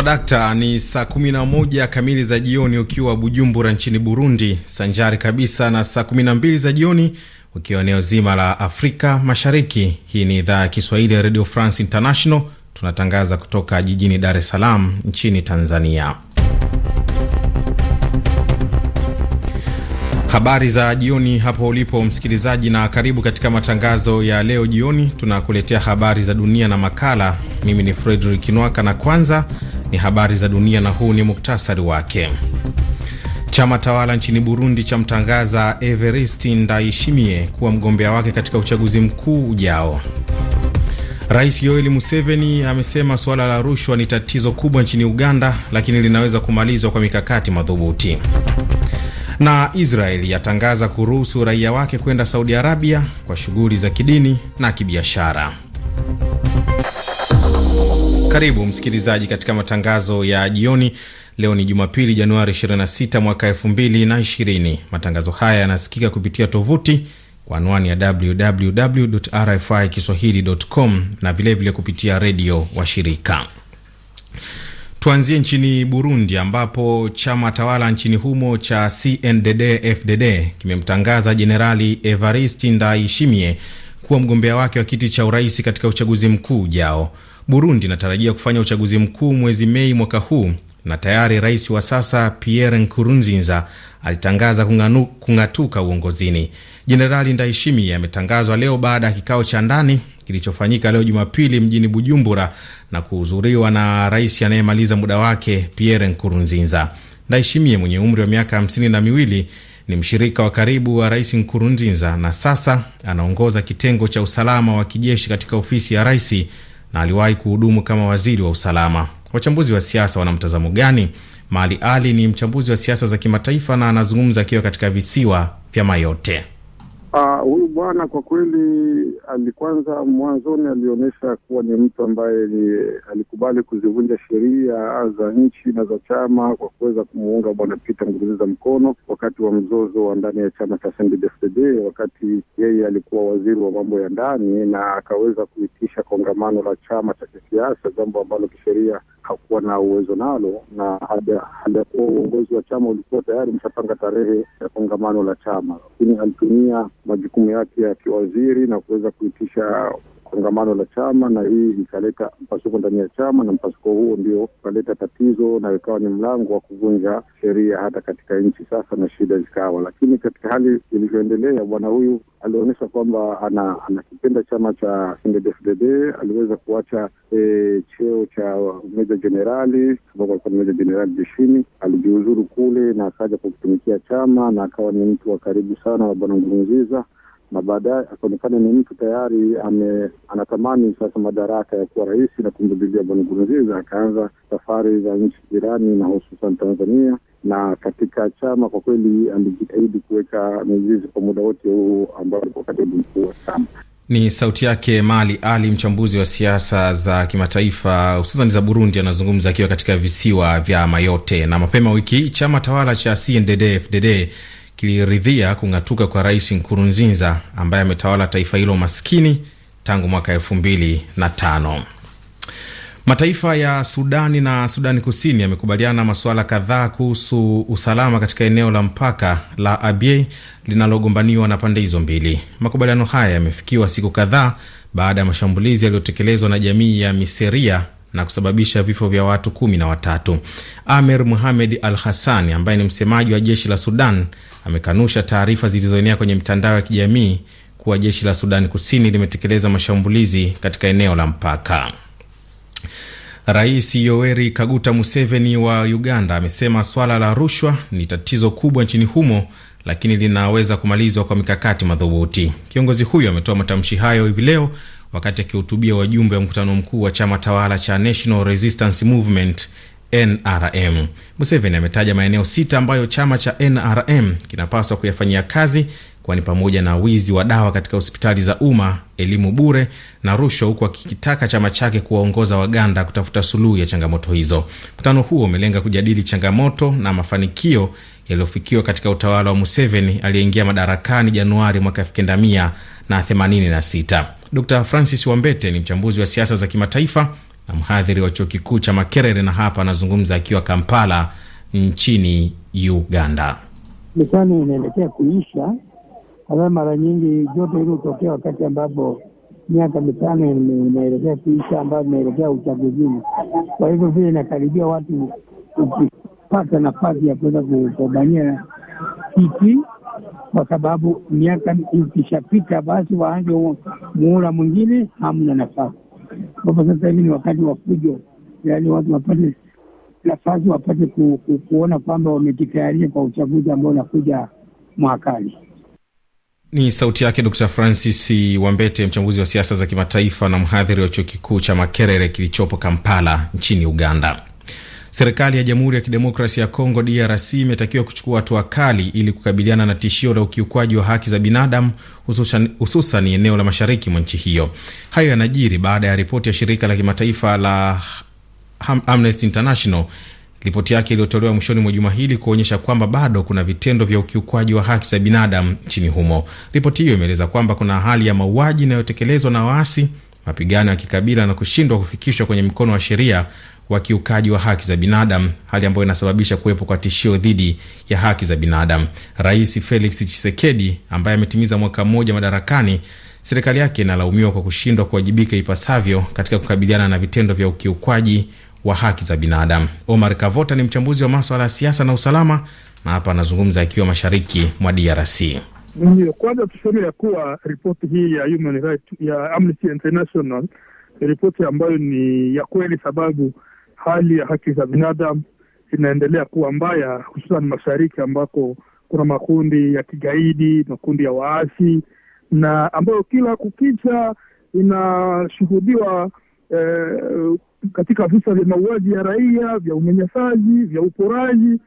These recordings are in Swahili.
dakta, ni saa 11 kamili za jioni ukiwa Bujumbura nchini Burundi, sanjari kabisa na saa 12 za jioni ukiwa eneo zima la Afrika Mashariki. Hii ni idhaa ya Kiswahili ya Radio France International, tunatangaza kutoka jijini Dar es Salaam nchini Tanzania. Habari za jioni hapo ulipo msikilizaji, na karibu katika matangazo ya leo jioni. Tunakuletea habari za dunia na makala. Mimi ni Fredrik Nwaka, na kwanza ni habari za dunia na huu ni muktasari wake. Chama tawala nchini Burundi cha mtangaza Everest Ndayishimiye kuwa mgombea wake katika uchaguzi mkuu ujao. Rais Yoweri Museveni amesema suala la rushwa ni tatizo kubwa nchini Uganda, lakini linaweza kumalizwa kwa mikakati madhubuti. Na Israeli yatangaza kuruhusu raia wake kwenda Saudi Arabia kwa shughuli za kidini na kibiashara. Karibu msikilizaji katika matangazo ya jioni. Leo ni Jumapili, Januari 26 mwaka 220 Matangazo haya yanasikika kupitia tovuti kwa anwani ya www rfi kiswahili.com na vilevile vile kupitia redio wa shirika Tuanzie nchini Burundi ambapo chama tawala nchini humo cha CNDD-FDD kimemtangaza Jenerali evarist ndaishimie kuwa mgombea wake wa kiti cha urais katika uchaguzi mkuu ujao. Burundi inatarajia kufanya uchaguzi mkuu mwezi Mei mwaka huu na tayari rais wa sasa Pierre Nkurunziza alitangaza kunganu, kung'atuka uongozini. Jenerali Ndayishimiye ametangazwa leo baada ya kikao cha ndani kilichofanyika leo Jumapili mjini Bujumbura na kuhudhuriwa na rais anayemaliza muda wake Pierre Nkurunziza. Ndayishimiye mwenye umri wa miaka hamsini na miwili ni mshirika wa karibu wa rais Nkurunziza na sasa anaongoza kitengo cha usalama wa kijeshi katika ofisi ya raisi na aliwahi kuhudumu kama waziri wa usalama. Wachambuzi wa siasa wana mtazamo gani? Mali Ali ni mchambuzi wa siasa za kimataifa na anazungumza akiwa katika visiwa vya Mayotte. Ah, huyu uh, bwana kwa kweli alikwanza, mwanzoni alionyesha kuwa ni mtu ambaye alikubali kuzivunja sheria za nchi na za chama kwa kuweza kumuunga bwana Peter Ngurunziza mkono wakati wa mzozo wa ndani ya chama cha CNDD-FDD, wakati yeye alikuwa waziri wa mambo ya ndani, na akaweza kuitisha kongamano la chama cha kisiasa, jambo ambalo kisheria hakuwa na uwezo nalo na hajakuwa uongozi wa chama ulikuwa tayari mshapanga tarehe ya kongamano la chama, lakini alitumia majukumu yake ya kiwaziri na kuweza kuitisha kongamano la chama, na hii ikaleta mpasuko ndani ya chama, na mpasuko huo ndio ukaleta tatizo na ikawa ni mlango wa kuvunja sheria hata katika nchi sasa, na shida zikawa. Lakini katika hali ilivyoendelea, bwana huyu alionyesha kwamba ana anakipenda chama cha CNDD-FDD. Aliweza kuacha e, cheo cha meja jenerali, sababu alikuwa ni meja jenerali jeshini. Alijiuzuru kule na akaja kwa kutumikia chama na akawa ni mtu wa karibu sana wa bwana Nkurunziza na baadaye akaonekana ni mtu tayari ame, anatamani sasa madaraka ya kuwa rahisi na kumdubilia bwana Nkurunziza. Akaanza safari za nchi jirani na hususan Tanzania, na katika chama kwa kweli alijitahidi kuweka mizizi kwa muda wote huu ambao alikuwa katibu mkuu wa chama. Ni sauti yake Mali Ali, mchambuzi wa siasa za kimataifa hususan za Burundi, anazungumza akiwa katika visiwa vya Mayotte. Na mapema wiki hii chama tawala cha CNDD-FDD kiliridhia kung'atuka kwa Rais Nkurunziza ambaye ametawala taifa hilo maskini tangu mwaka elfu mbili na tano. Mataifa ya Sudani na Sudani Kusini yamekubaliana masuala kadhaa kuhusu usalama katika eneo la mpaka la Abyei linalogombaniwa na pande hizo mbili. Makubaliano haya yamefikiwa siku kadhaa baada ya mashambulizi yaliyotekelezwa na jamii ya Miseria na kusababisha vifo vya watu kumi na watatu. Amer Muhamed Al hasan ambaye ni msemaji wa jeshi la Sudan amekanusha taarifa zilizoenea kwenye mitandao ya kijamii kuwa jeshi la Sudan Kusini limetekeleza mashambulizi katika eneo la mpaka. Rais Yoweri Kaguta Museveni wa Uganda amesema swala la rushwa ni tatizo kubwa nchini humo, lakini linaweza kumalizwa kwa mikakati madhubuti. Kiongozi huyo ametoa matamshi hayo hivi leo wakati akihutubia wajumbe wa mkutano mkuu wa chama tawala cha National Resistance Movement NRM. Museveni ametaja maeneo sita ambayo chama cha NRM kinapaswa kuyafanyia kazi kwani pamoja na wizi wa dawa katika hospitali za umma, elimu bure na rushwa, huku akikitaka chama chake kuwaongoza Waganda kutafuta suluhu ya changamoto hizo. Mkutano huo umelenga kujadili changamoto na mafanikio yaliyofikiwa katika utawala wa Museveni aliyeingia madarakani Januari mwaka Dr Francis Wambete ni mchambuzi wa siasa za kimataifa na mhadhiri wa chuo kikuu cha Makerere, na hapa anazungumza akiwa Kampala nchini Uganda. Mikani inaelekea kuisha, ambayo mara nyingi joto hili hutokea wakati ambapo miaka mitano inaelekea kuisha, ambayo inaelekea uchaguzini. Kwa hivyo vile inakaribia watu ukipata nafasi ya kuweza kugombania kiti kwa sababu miaka ikishapita, basi waanze muhula mwingine, hamna nafasi. Ambapo sasa hivi ni wakati wa fujo, yaani watu wapate nafasi, wapate ku, ku, kuona kwamba wamejitayaria kwa uchaguzi ambao unakuja mwakani. Ni sauti yake Dr Francis Wambete, mchambuzi wa siasa za kimataifa na mhadhiri wa chuo kikuu cha Makerere kilichopo Kampala nchini Uganda. Serikali ya Jamhuri ya Kidemokrasia ya Kongo DRC imetakiwa kuchukua hatua kali ili kukabiliana na tishio la ukiukwaji wa haki za binadamu hususan eneo la mashariki mwa nchi hiyo. Hayo yanajiri baada ya ripoti ya shirika la kimataifa la Amnesty International ripoti yake iliyotolewa mwishoni mwa juma hili kuonyesha kwamba bado kuna vitendo vya ukiukwaji wa haki za binadamu nchini humo. Ripoti hiyo imeeleza kwamba kuna hali ya mauaji inayotekelezwa na waasi, mapigano ya kikabila na kushindwa kufikishwa kwenye mkono wa sheria, wa kiukaji wa haki za binadamu, hali ambayo inasababisha kuwepo kwa tishio dhidi ya haki za binadamu. Rais Felix Tshisekedi ambaye ametimiza mwaka mmoja madarakani, serikali yake inalaumiwa kwa kushindwa kuwajibika ipasavyo katika kukabiliana na vitendo vya ukiukwaji wa haki za binadamu. Omar Kavota ni mchambuzi wa maswala ya siasa na usalama, na hapa anazungumza akiwa mashariki mwa DRC. Ndio kwanza tuseme ya kuwa ripoti hii ya Human Rights, ya Amnesty International ripoti ambayo ni ya kweli, sababu hali ya haki za binadamu inaendelea kuwa mbaya, hususan mashariki ambako kuna makundi ya kigaidi, makundi ya waasi na ambayo kila kukicha inashuhudiwa eh, katika visa vya mauaji ya raia, vya unyanyasaji, vya uporaji.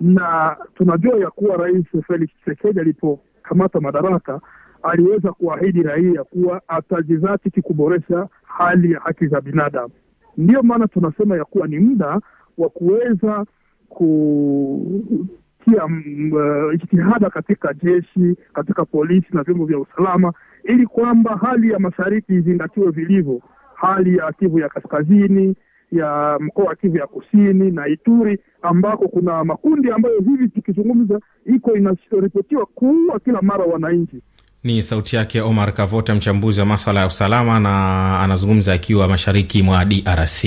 Na tunajua ya kuwa Rais Felix Tshisekedi alipokamata madaraka aliweza kuahidi raia kuwa atajizatiti kuboresha hali ya haki za binadamu. Ndiyo maana tunasema ya kuwa ni muda wa kuweza kutia uh, jitihada katika jeshi, katika polisi na vyombo vya usalama, ili kwamba hali ya mashariki izingatiwe vilivyo, hali ya Kivu ya kaskazini ya mkoa wa Kivu ya kusini na Ituri ambako kuna makundi ambayo hivi tukizungumza iko inaripotiwa kuua kila mara wananchi. Ni sauti yake Omar Kavota, mchambuzi wa maswala ya usalama, na anazungumza akiwa mashariki mwa DRC.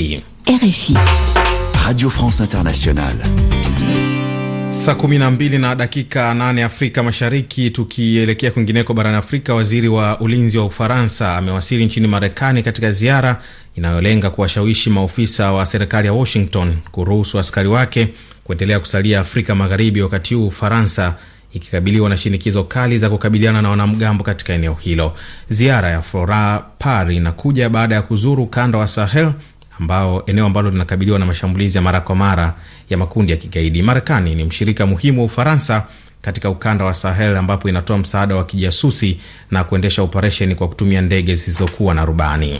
RFI, Radio France Internationale. Saa 12 na dakika 8 Afrika Mashariki. Tukielekea kwingineko barani Afrika, waziri wa ulinzi wa Ufaransa amewasili nchini Marekani katika ziara inayolenga kuwashawishi maofisa wa serikali ya Washington kuruhusu askari wake kuendelea kusalia Afrika Magharibi, wakati huu Ufaransa ikikabiliwa na shinikizo kali za kukabiliana na wanamgambo katika eneo hilo. Ziara ya Flora Par inakuja baada ya kuzuru ukanda wa Sahel ambao eneo ambalo linakabiliwa na mashambulizi ya mara kwa mara ya makundi ya kigaidi. Marekani ni mshirika muhimu wa Ufaransa katika ukanda wa Sahel ambapo inatoa msaada wa kijasusi na kuendesha operesheni kwa kutumia ndege zisizokuwa na rubani.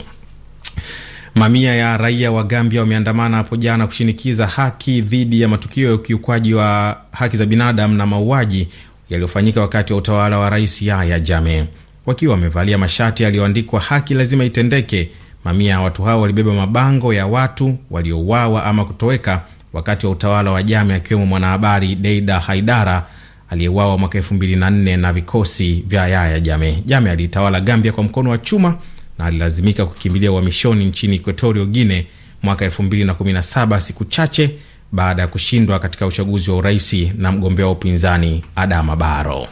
Mamia ya raia wa Gambia wameandamana hapo jana kushinikiza haki dhidi ya matukio ya ukiukwaji wa haki za binadamu na mauaji yaliyofanyika wakati wa utawala wa Rais Yahya Jammeh. Wakiwa wamevalia mashati yaliyoandikwa haki lazima itendeke, mamia ya watu hao walibeba mabango ya watu waliouawa ama kutoweka wakati wa utawala wa Jammeh, akiwemo mwanahabari Deida Haidara aliyeuawa mwaka elfu mbili na nne na vikosi vya Yahya Jammeh. Jammeh aliitawala Gambia kwa mkono wa chuma na alilazimika kukimbilia uhamishoni nchini Equatorio Guine mwaka 2017 siku chache baada ya kushindwa katika uchaguzi wa uraisi na mgombea wa upinzani Adama baro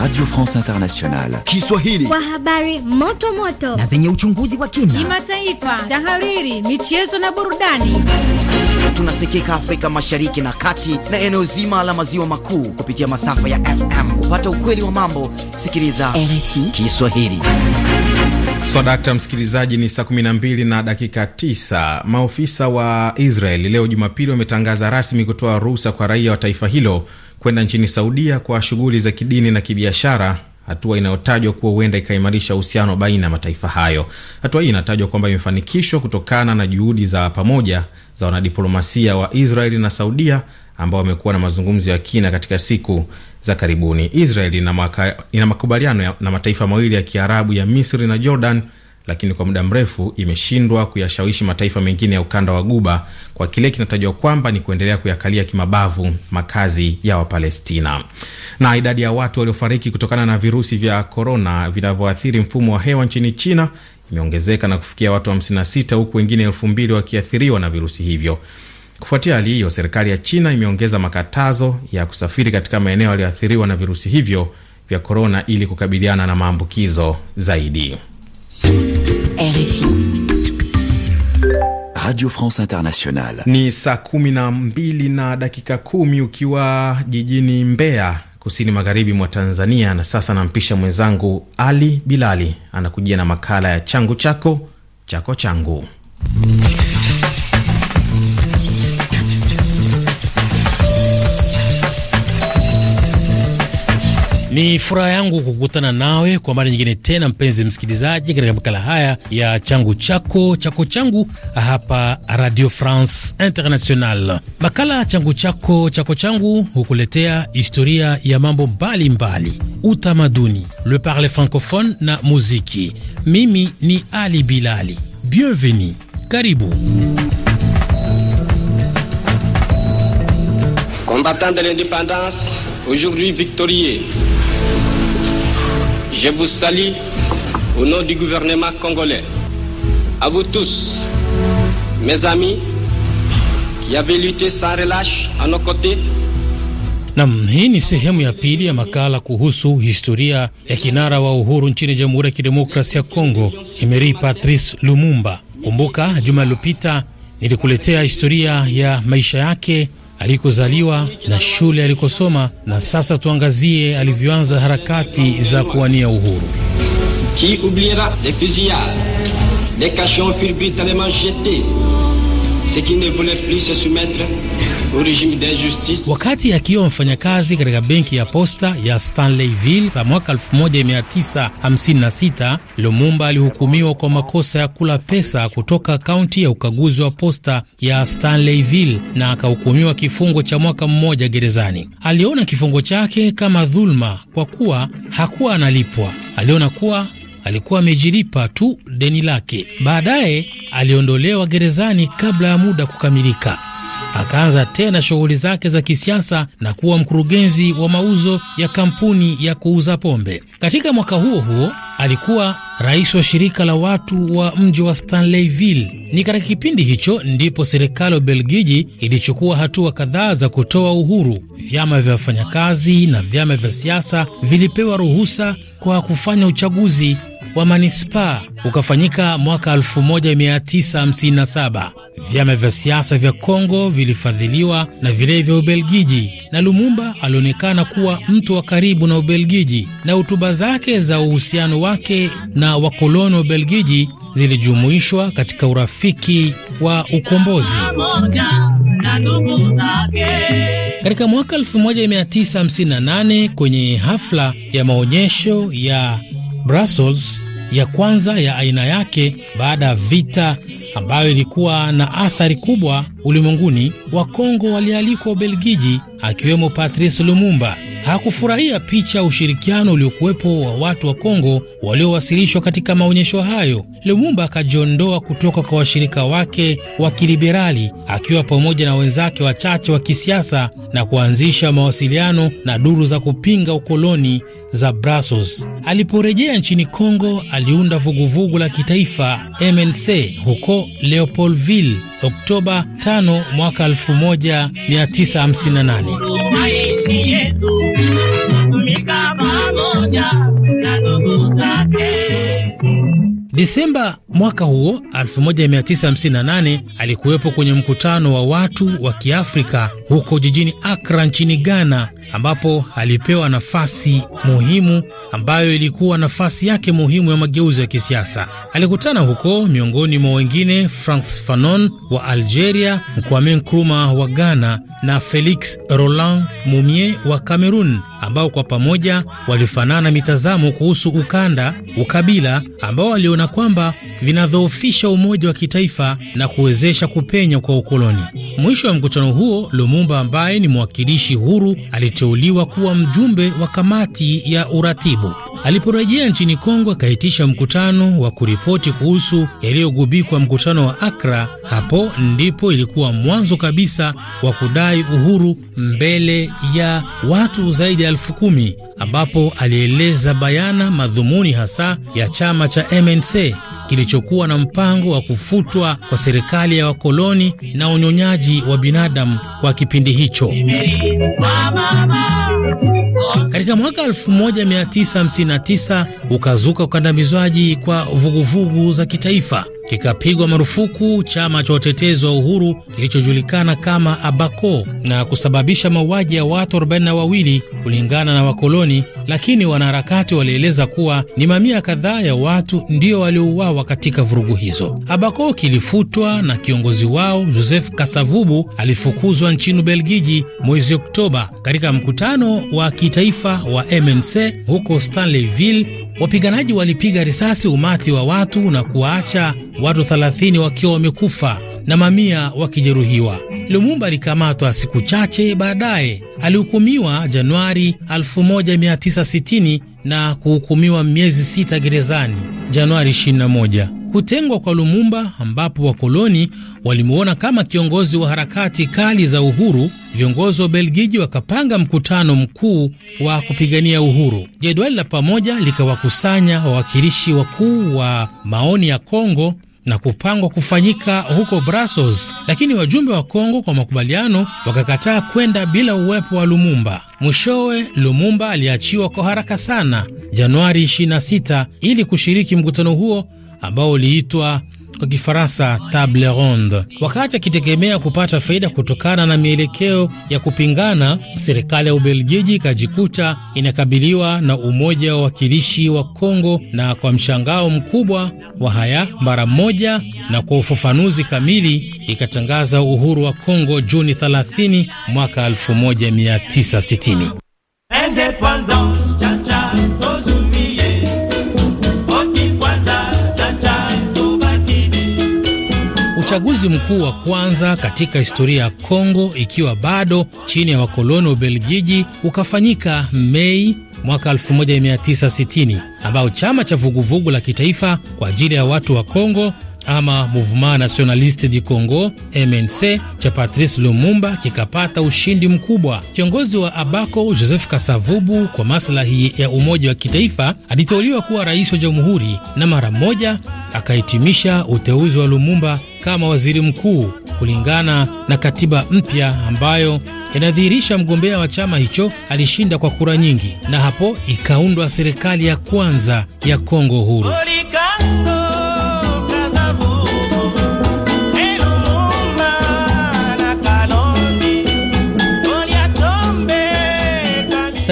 Radio France Internationale Kiswahili kwa habari moto moto na zenye uchunguzi wa kina, kimataifa, tahariri, michezo na burudani. Tunasikika Afrika Mashariki na Kati na eneo zima la maziwa makuu kupitia masafa ya FM. Kupata ukweli wa mambo, sikiliza RFI Kiswahili. Swadakta so, msikilizaji, ni saa 12 na dakika 9. Maofisa wa Israeli leo Jumapili wametangaza rasmi kutoa ruhusa kwa raia wa taifa hilo kwenda nchini Saudia kwa shughuli za kidini na kibiashara hatua inayotajwa kuwa huenda ikaimarisha uhusiano baina ya mataifa hayo. Hatua hii inatajwa kwamba imefanikishwa kutokana na juhudi za pamoja za wanadiplomasia wa Israeli na Saudia ambao wamekuwa na mazungumzo ya kina katika siku za karibuni. Israeli ina makubaliano na mataifa mawili ya Kiarabu ya Misri na Jordan lakini kwa muda mrefu imeshindwa kuyashawishi mataifa mengine ya ukanda wa Guba kwa kile kinatajwa kwamba ni kuendelea kuyakalia kimabavu makazi ya Wapalestina. Na idadi ya watu waliofariki kutokana na virusi vya korona vinavyoathiri mfumo wa hewa nchini China imeongezeka na kufikia watu 56 huku wengine elfu mbili wakiathiriwa na virusi hivyo. Kufuatia hali hiyo, serikali ya China imeongeza makatazo ya kusafiri katika maeneo yaliyoathiriwa na virusi hivyo vya korona ili kukabiliana na maambukizo zaidi. RFI. Radio France Internationale. Ni saa kumi na mbili na dakika kumi ukiwa jijini Mbeya kusini magharibi mwa Tanzania. Na sasa nampisha mwenzangu Ali Bilali anakujia na makala ya changu chako chako changu. Ni furaha yangu kukutana nawe kwa mara nyingine tena, mpenzi msikilizaji, katika makala haya ya changu chako chako changu hapa Radio France International. Makala changu chako chako changu hukuletea historia ya mambo mbalimbali, utamaduni, le parle francophone na muziki. Mimi ni Ali Bilali. bienveni, karibu. Combattant de l'indépendance, aujourd'hui victorieux Je vous salue au nom du gouvernement congolais. À vous tous, mes amis, qui avez lutté sans relâche à nos côtés Nam, hii ni sehemu ya pili ya makala kuhusu historia ya kinara wa uhuru nchini Jamhuri ya Kidemokrasia ya Kongo, Emery Patrice Lumumba. Kumbuka juma lililopita nilikuletea historia ya maisha yake alikozaliwa na shule alikosoma, na sasa tuangazie alivyoanza harakati za kuwania uhuru. Qui oubliera les fusillades les cachons tellement jetés Wakati akiwa mfanyakazi katika benki ya posta ya Stanleyville za mwaka 1956, Lumumba alihukumiwa kwa makosa ya kula pesa kutoka kaunti ya ukaguzi wa posta ya Stanleyville na akahukumiwa kifungo cha mwaka mmoja gerezani. Aliona kifungo chake kama dhuluma kwa kuwa hakuwa analipwa. Aliona kuwa alikuwa amejilipa tu deni lake. Baadaye aliondolewa gerezani kabla ya muda kukamilika. Akaanza tena shughuli zake za kisiasa na kuwa mkurugenzi wa mauzo ya kampuni ya kuuza pombe. Katika mwaka huo huo alikuwa rais wa shirika la watu wa mji wa Stanleyville. Ni katika kipindi hicho ndipo serikali ya Ubelgiji ilichukua hatua kadhaa za kutoa uhuru. Vyama vya wafanyakazi na vyama vya siasa vilipewa ruhusa kwa kufanya uchaguzi wa manispaa ukafanyika mwaka 1957. Vyama vya siasa vya Kongo vilifadhiliwa na vile vya Ubelgiji, na Lumumba alionekana kuwa mtu wa karibu na Ubelgiji, na hotuba zake za uhusiano wake na wakoloni wa Ubelgiji zilijumuishwa katika urafiki wa ukombozi. Katika mwaka 1958 kwenye hafla ya maonyesho ya Brussels ya kwanza ya aina yake baada ya vita ambayo ilikuwa na athari kubwa ulimwenguni. Wakongo walialikwa Ubelgiji, akiwemo Patrice Lumumba hakufurahia picha ya ushirikiano uliokuwepo wa watu wa Kongo waliowasilishwa katika maonyesho hayo. Lumumba akajiondoa kutoka kwa washirika wake wa kiliberali akiwa pamoja na wenzake wachache wa kisiasa na kuanzisha mawasiliano na duru za kupinga ukoloni za Brussels. Aliporejea nchini Kongo, aliunda vuguvugu la kitaifa MNC huko Leopoldville Oktoba 5 mwaka 1958. Disemba mwaka huo 1958 alikuwepo kwenye mkutano wa watu wa Kiafrika huko jijini akra nchini Ghana ambapo alipewa nafasi muhimu ambayo ilikuwa nafasi yake muhimu ya mageuzi ya kisiasa. Alikutana huko miongoni mwa wengine Frantz Fanon wa Algeria, Kwame Nkrumah wa Ghana na Felix Roland Mumie wa Cameroon, ambao kwa pamoja walifanana mitazamo kuhusu ukanda, ukabila ambao waliona kwamba vinadhoofisha umoja wa kitaifa na kuwezesha kupenya kwa ukoloni. Mwisho wa mkutano huo, Lumumba ambaye ni mwakilishi huru alit aliteuliwa kuwa mjumbe wa kamati ya uratibu. Aliporejea nchini Kongo, akaitisha mkutano wa kuripoti kuhusu yaliyogubikwa mkutano wa Akra. Hapo ndipo ilikuwa mwanzo kabisa wa kudai uhuru mbele ya watu zaidi ya elfu kumi ambapo alieleza bayana madhumuni hasa ya chama cha MNC kilichokuwa na mpango wa kufutwa kwa serikali ya wakoloni na unyonyaji wa binadamu kwa kipindi hicho. Katika mwaka 1959 ukazuka ukandamizwaji kwa vuguvugu za kitaifa kikapigwa marufuku chama cha watetezi wa uhuru kilichojulikana kama ABAKO na kusababisha mauaji ya watu 42 kulingana na wakoloni, lakini wanaharakati walieleza kuwa ni mamia kadhaa ya watu ndio waliouawa katika vurugu hizo. ABAKO kilifutwa na kiongozi wao Joseph Kasavubu alifukuzwa nchini Ubelgiji mwezi Oktoba katika mkutano wa kitaifa wa MNC huko Stanleyville Wapiganaji walipiga risasi umati wa watu na kuwaacha watu 30 wakiwa wamekufa na mamia wakijeruhiwa. Lumumba alikamatwa siku chache baadaye, alihukumiwa Januari 1960 na kuhukumiwa miezi sita gerezani Januari 21 kutengwa kwa Lumumba ambapo wakoloni walimuona kama kiongozi wa harakati kali za uhuru. Viongozi wa belgiji wakapanga mkutano mkuu wa kupigania uhuru. Jedwali la pamoja likawakusanya wawakilishi wakuu wa maoni ya Kongo na kupangwa kufanyika huko Brussels, lakini wajumbe wa Kongo kwa makubaliano wakakataa kwenda bila uwepo wa Lumumba. Mwishowe Lumumba aliachiwa kwa haraka sana Januari 26 ili kushiriki mkutano huo ambao uliitwa kwa Kifaransa table ronde. Wakati akitegemea kupata faida kutokana na mielekeo ya kupingana, serikali ya Ubelgiji ikajikuta inakabiliwa na umoja wa wakilishi wa Kongo, na kwa mshangao mkubwa wa haya, mara moja na kwa ufafanuzi kamili ikatangaza uhuru wa Kongo Juni 30 mwaka 1960. uchaguzi mkuu wa kwanza katika historia ya Kongo ikiwa bado chini ya wakoloni wa Ubelgiji ukafanyika Mei mwaka 1960 ambao chama cha vuguvugu la kitaifa kwa ajili ya watu wa Kongo ama Mouvement Nationaliste du Congo MNC cha Patrice Lumumba kikapata ushindi mkubwa. Kiongozi wa Abako Joseph Kasavubu, kwa maslahi ya umoja wa kitaifa, aliteuliwa kuwa rais wa jamhuri na mara moja akahitimisha uteuzi wa Lumumba kama waziri mkuu kulingana na katiba mpya ambayo inadhihirisha mgombea wa chama hicho alishinda kwa kura nyingi, na hapo ikaundwa serikali ya kwanza ya Kongo huru Olika.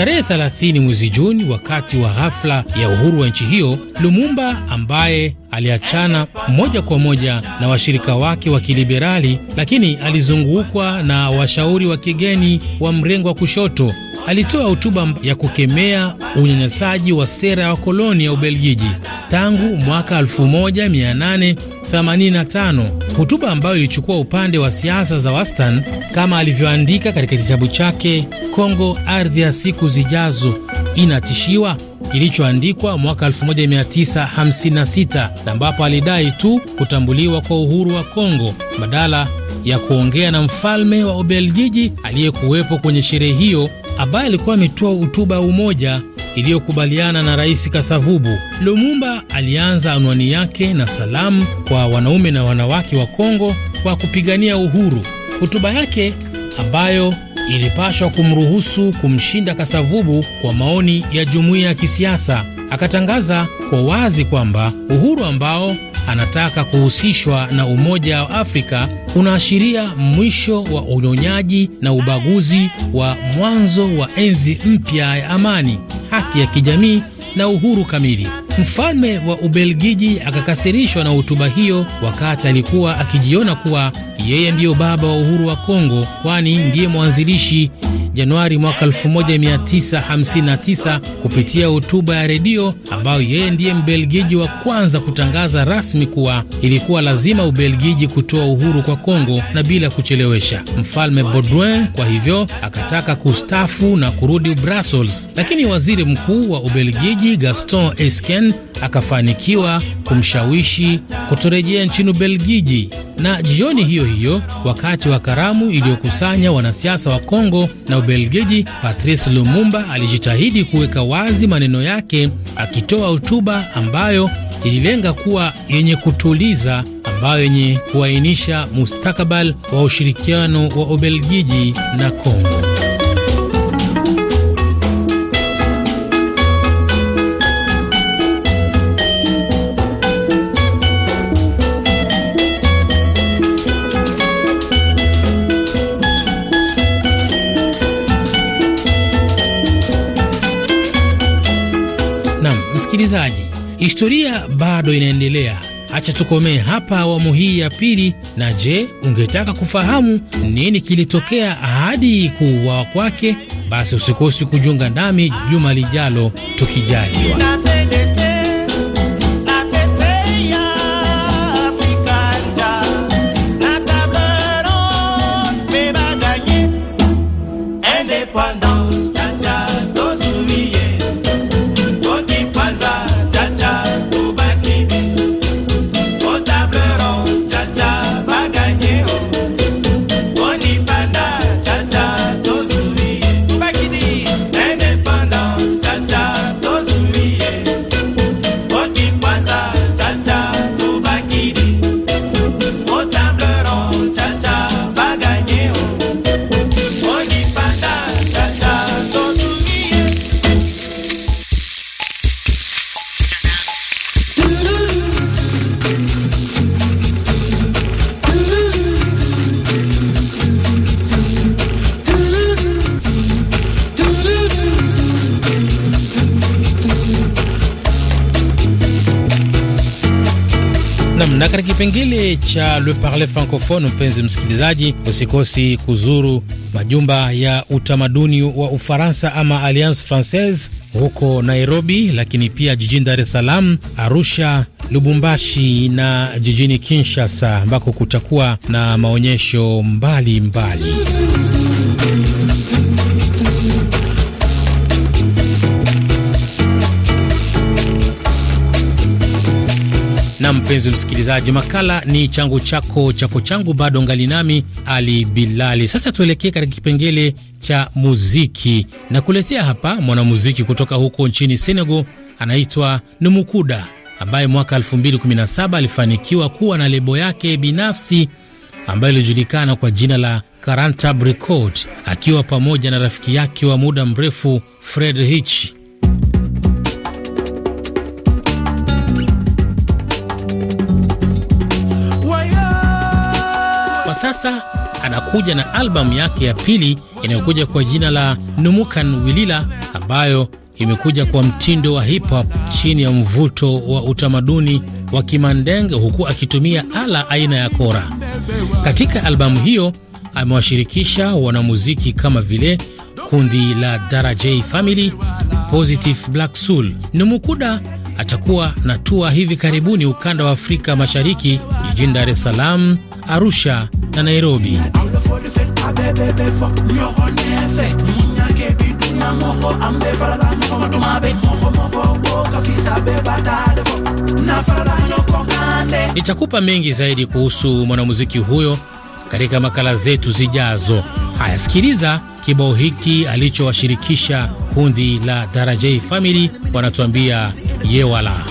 Tarehe 30 mwezi Juni, wakati wa hafla ya uhuru wa nchi hiyo, Lumumba ambaye aliachana moja kwa moja na washirika wake wa kiliberali, lakini alizungukwa na washauri wa kigeni wa mrengo wa kushoto, alitoa hotuba ya kukemea unyanyasaji wa sera ya wakoloni ya Ubelgiji tangu mwaka 85, hotuba ambayo ilichukua upande wa siasa za wastan kama alivyoandika katika kitabu chake Kongo, ardhi ya siku zijazo inatishiwa, kilichoandikwa mwaka 1956 na ambapo alidai tu kutambuliwa kwa uhuru wa Kongo badala ya kuongea na mfalme wa ubelgiji aliyekuwepo kwenye sherehe hiyo ambaye alikuwa ametoa hotuba ya umoja iliyokubaliana na Rais Kasavubu. Lumumba alianza anwani yake na salamu kwa wanaume na wanawake wa Kongo kwa kupigania uhuru. Hotuba yake ambayo ilipashwa kumruhusu kumshinda Kasavubu kwa maoni ya jumuiya ya kisiasa akatangaza kwa wazi kwamba uhuru ambao anataka kuhusishwa na Umoja wa Afrika unaashiria mwisho wa unyonyaji na ubaguzi wa mwanzo wa enzi mpya ya amani, haki ya kijamii na uhuru kamili. Mfalme wa Ubelgiji akakasirishwa na hotuba hiyo wakati alikuwa akijiona kuwa yeye ndiyo baba wa uhuru wa Kongo, kwani ndiye mwanzilishi Januari mwaka 1959 kupitia hotuba ya redio ambayo yeye ndiye Mbelgiji wa kwanza kutangaza rasmi kuwa ilikuwa lazima Ubelgiji kutoa uhuru kwa Kongo na bila kuchelewesha. Mfalme Baudouin kwa hivyo akataka kustafu na kurudi Brussels, lakini waziri mkuu wa Ubelgiji Gaston Esken akafanikiwa kumshawishi kutorejea nchini Ubelgiji. Na jioni hiyo hiyo, wakati wa karamu iliyokusanya wanasiasa wa Kongo na Ubelgiji, Patrice Lumumba alijitahidi kuweka wazi maneno yake, akitoa hotuba ambayo ililenga kuwa yenye kutuliza, ambayo yenye kuainisha mustakabali wa ushirikiano wa Ubelgiji na Kongo. msikilizaji, historia bado inaendelea. Acha tukomee hapa awamu hii ya pili. Na je, ungetaka kufahamu nini kilitokea hadi kuuawa kwake? Basi usikosi kujiunga nami juma lijalo tukijaliwa. cha Le Parle Francophone. Mpenzi msikilizaji, usikosi kuzuru majumba ya utamaduni wa Ufaransa ama Alliance Francaise huko Nairobi, lakini pia jijini Dar es Salaam, Arusha, Lubumbashi na jijini Kinshasa ambako kutakuwa na maonyesho mbalimbali mbali. na mpenzi msikilizaji, makala ni changu chako chako changu, bado ngali nami Ali Bilali. Sasa tuelekee katika kipengele cha muziki na kuletea hapa mwanamuziki kutoka huko nchini Senegal, anaitwa Numukuda ambaye mwaka 2017 alifanikiwa kuwa na lebo yake binafsi ambayo ilijulikana kwa jina la Karantab Record, akiwa pamoja na rafiki yake wa muda mrefu Fred Hitch. sasa anakuja na albamu yake ya pili inayokuja kwa jina la Numukan Wilila ambayo imekuja kwa mtindo wa hip hop chini ya mvuto wa utamaduni wa Kimandenge, huku akitumia ala aina ya kora. Katika albamu hiyo amewashirikisha wanamuziki kama vile kundi la Darajei Family, Positive Black Soul, Numukuda atakuwa na tua hivi karibuni ukanda wa Afrika Mashariki jijini Dar es Salaam, Arusha na Nairobi. Nitakupa mengi zaidi kuhusu mwanamuziki huyo katika makala zetu zijazo. Haya, sikiliza Kibao hiki alichowashirikisha kundi la Darajei Family wanatuambia yewala.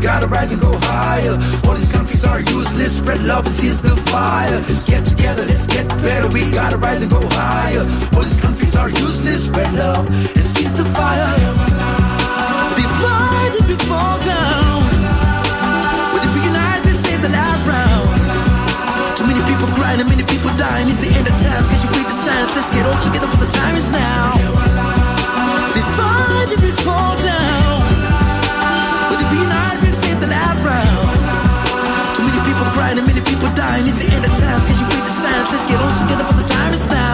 gotta rise and go higher. All these countries are useless. Spread love and seize the fire. Let's get together, let's get better. We gotta rise and go higher. All these countries are useless. Spread love and seize the fire. Divide and we fall down. But if we unite, we save the last round. Too many people crying and many people dying. It's the end of times. Can't you read the signs? Let's get all together for the time is now. dying and many people dying. It's the end of times. Can you read the signs? Let's get on together for the time is now.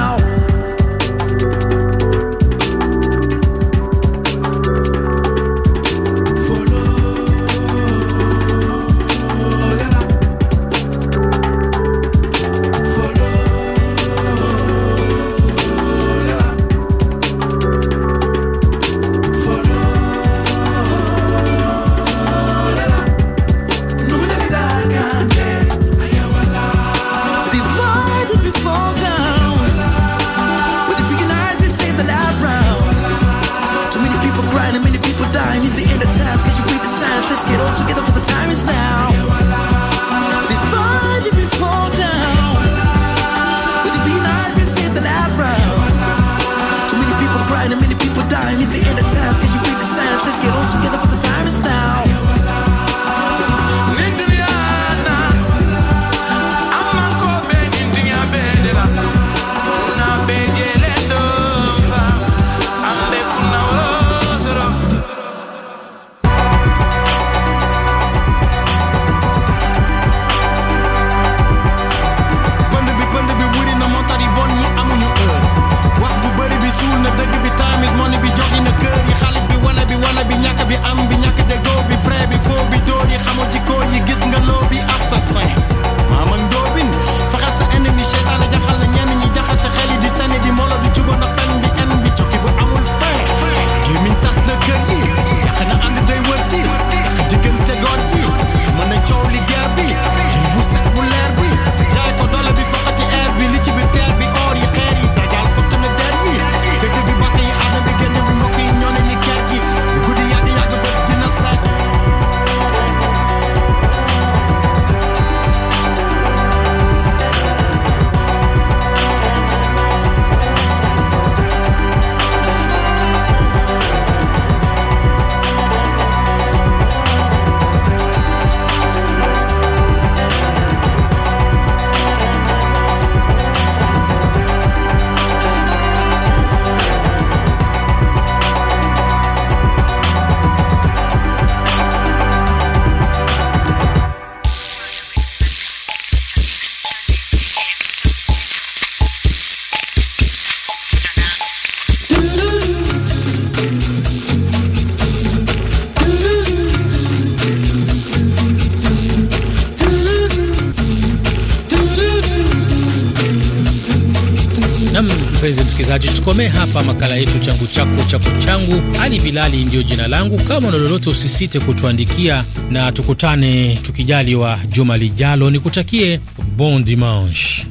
makala yetu changu chako chako changu. Ali Bilali ndiyo jina langu. Kama una lolote, usisite kutuandikia na tukutane tukijaliwa juma lijalo. Nikutakie bon dimanche.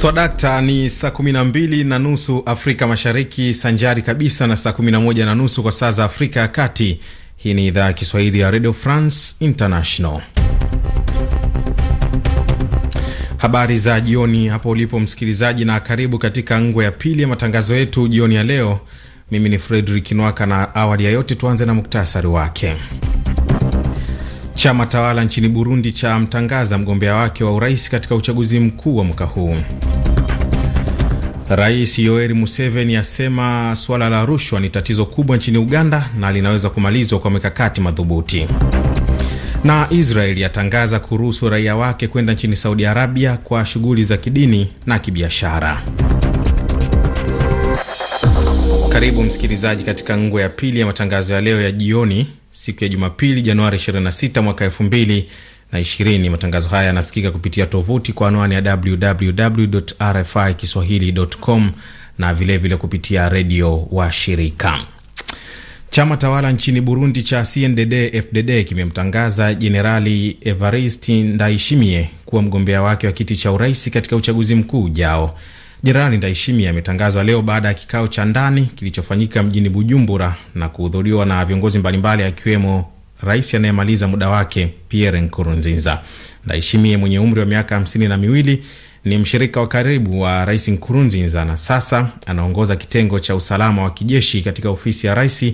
Swadakta ni saa 12 na nusu Afrika Mashariki, sanjari kabisa na saa 11 na nusu kwa saa za Afrika ya Kati. Hii ni idhaa ya Kiswahili ya Radio France International. Habari za jioni hapo ulipo msikilizaji, na karibu katika ngwe ya pili ya matangazo yetu jioni ya leo. Mimi ni Fredrik Nwaka, na awali ya yote tuanze na muktasari wake. Chama tawala nchini Burundi cha mtangaza mgombea wake wa urais katika uchaguzi mkuu wa mwaka huu. Rais Yoweri Museveni asema suala la rushwa ni tatizo kubwa nchini Uganda na linaweza kumalizwa kwa mikakati madhubuti. Na Israel yatangaza kuruhusu raia wake kwenda nchini Saudi Arabia kwa shughuli za kidini na kibiashara. Karibu msikilizaji katika ngo ya pili ya matangazo ya leo ya jioni siku ya Jumapili, Januari 26 mwaka 2020. Matangazo haya yanasikika kupitia tovuti kwa anwani ya www rfi kiswahili.com na vilevile vile kupitia redio wa shirika. Chama tawala nchini Burundi cha CNDD FDD kimemtangaza Jenerali Evaristi Ndaishimie kuwa mgombea wake wa kiti cha urais katika uchaguzi mkuu ujao. Jenerali Ndaishimi ametangazwa leo baada ya kikao cha ndani kilichofanyika mjini Bujumbura na kuhudhuriwa na viongozi mbalimbali akiwemo rais anayemaliza muda wake Pierre Nkurunziza. Ndaishimie mwenye umri wa miaka hamsini na miwili ni mshirika wa karibu wa rais Nkurunziza na sasa anaongoza kitengo cha usalama wa kijeshi katika ofisi ya rais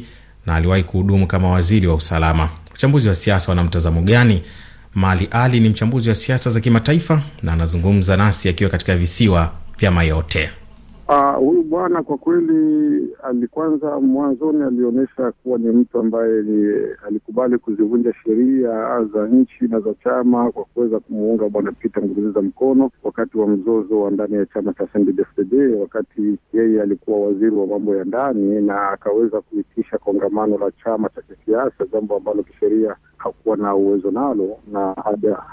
na aliwahi kuhudumu kama waziri wa usalama. Wachambuzi wa siasa wana mtazamo gani? Mali Ali ni mchambuzi wa siasa za kimataifa na anazungumza nasi akiwa katika visiwa vyama yote? Ah, huyu uh, bwana kwa kweli alikwanza, mwanzoni alionyesha kuwa ni mtu ambaye ni, alikubali kuzivunja sheria za nchi na za chama kwa kuweza kumuunga bwana Peter Nguruziza mkono wakati wa mzozo wa ndani ya chama cha CNDD-FDD, wakati yeye alikuwa waziri wa mambo ya ndani, na akaweza kuitisha kongamano la chama cha kisiasa, jambo ambalo kisheria hakuwa na uwezo nalo, na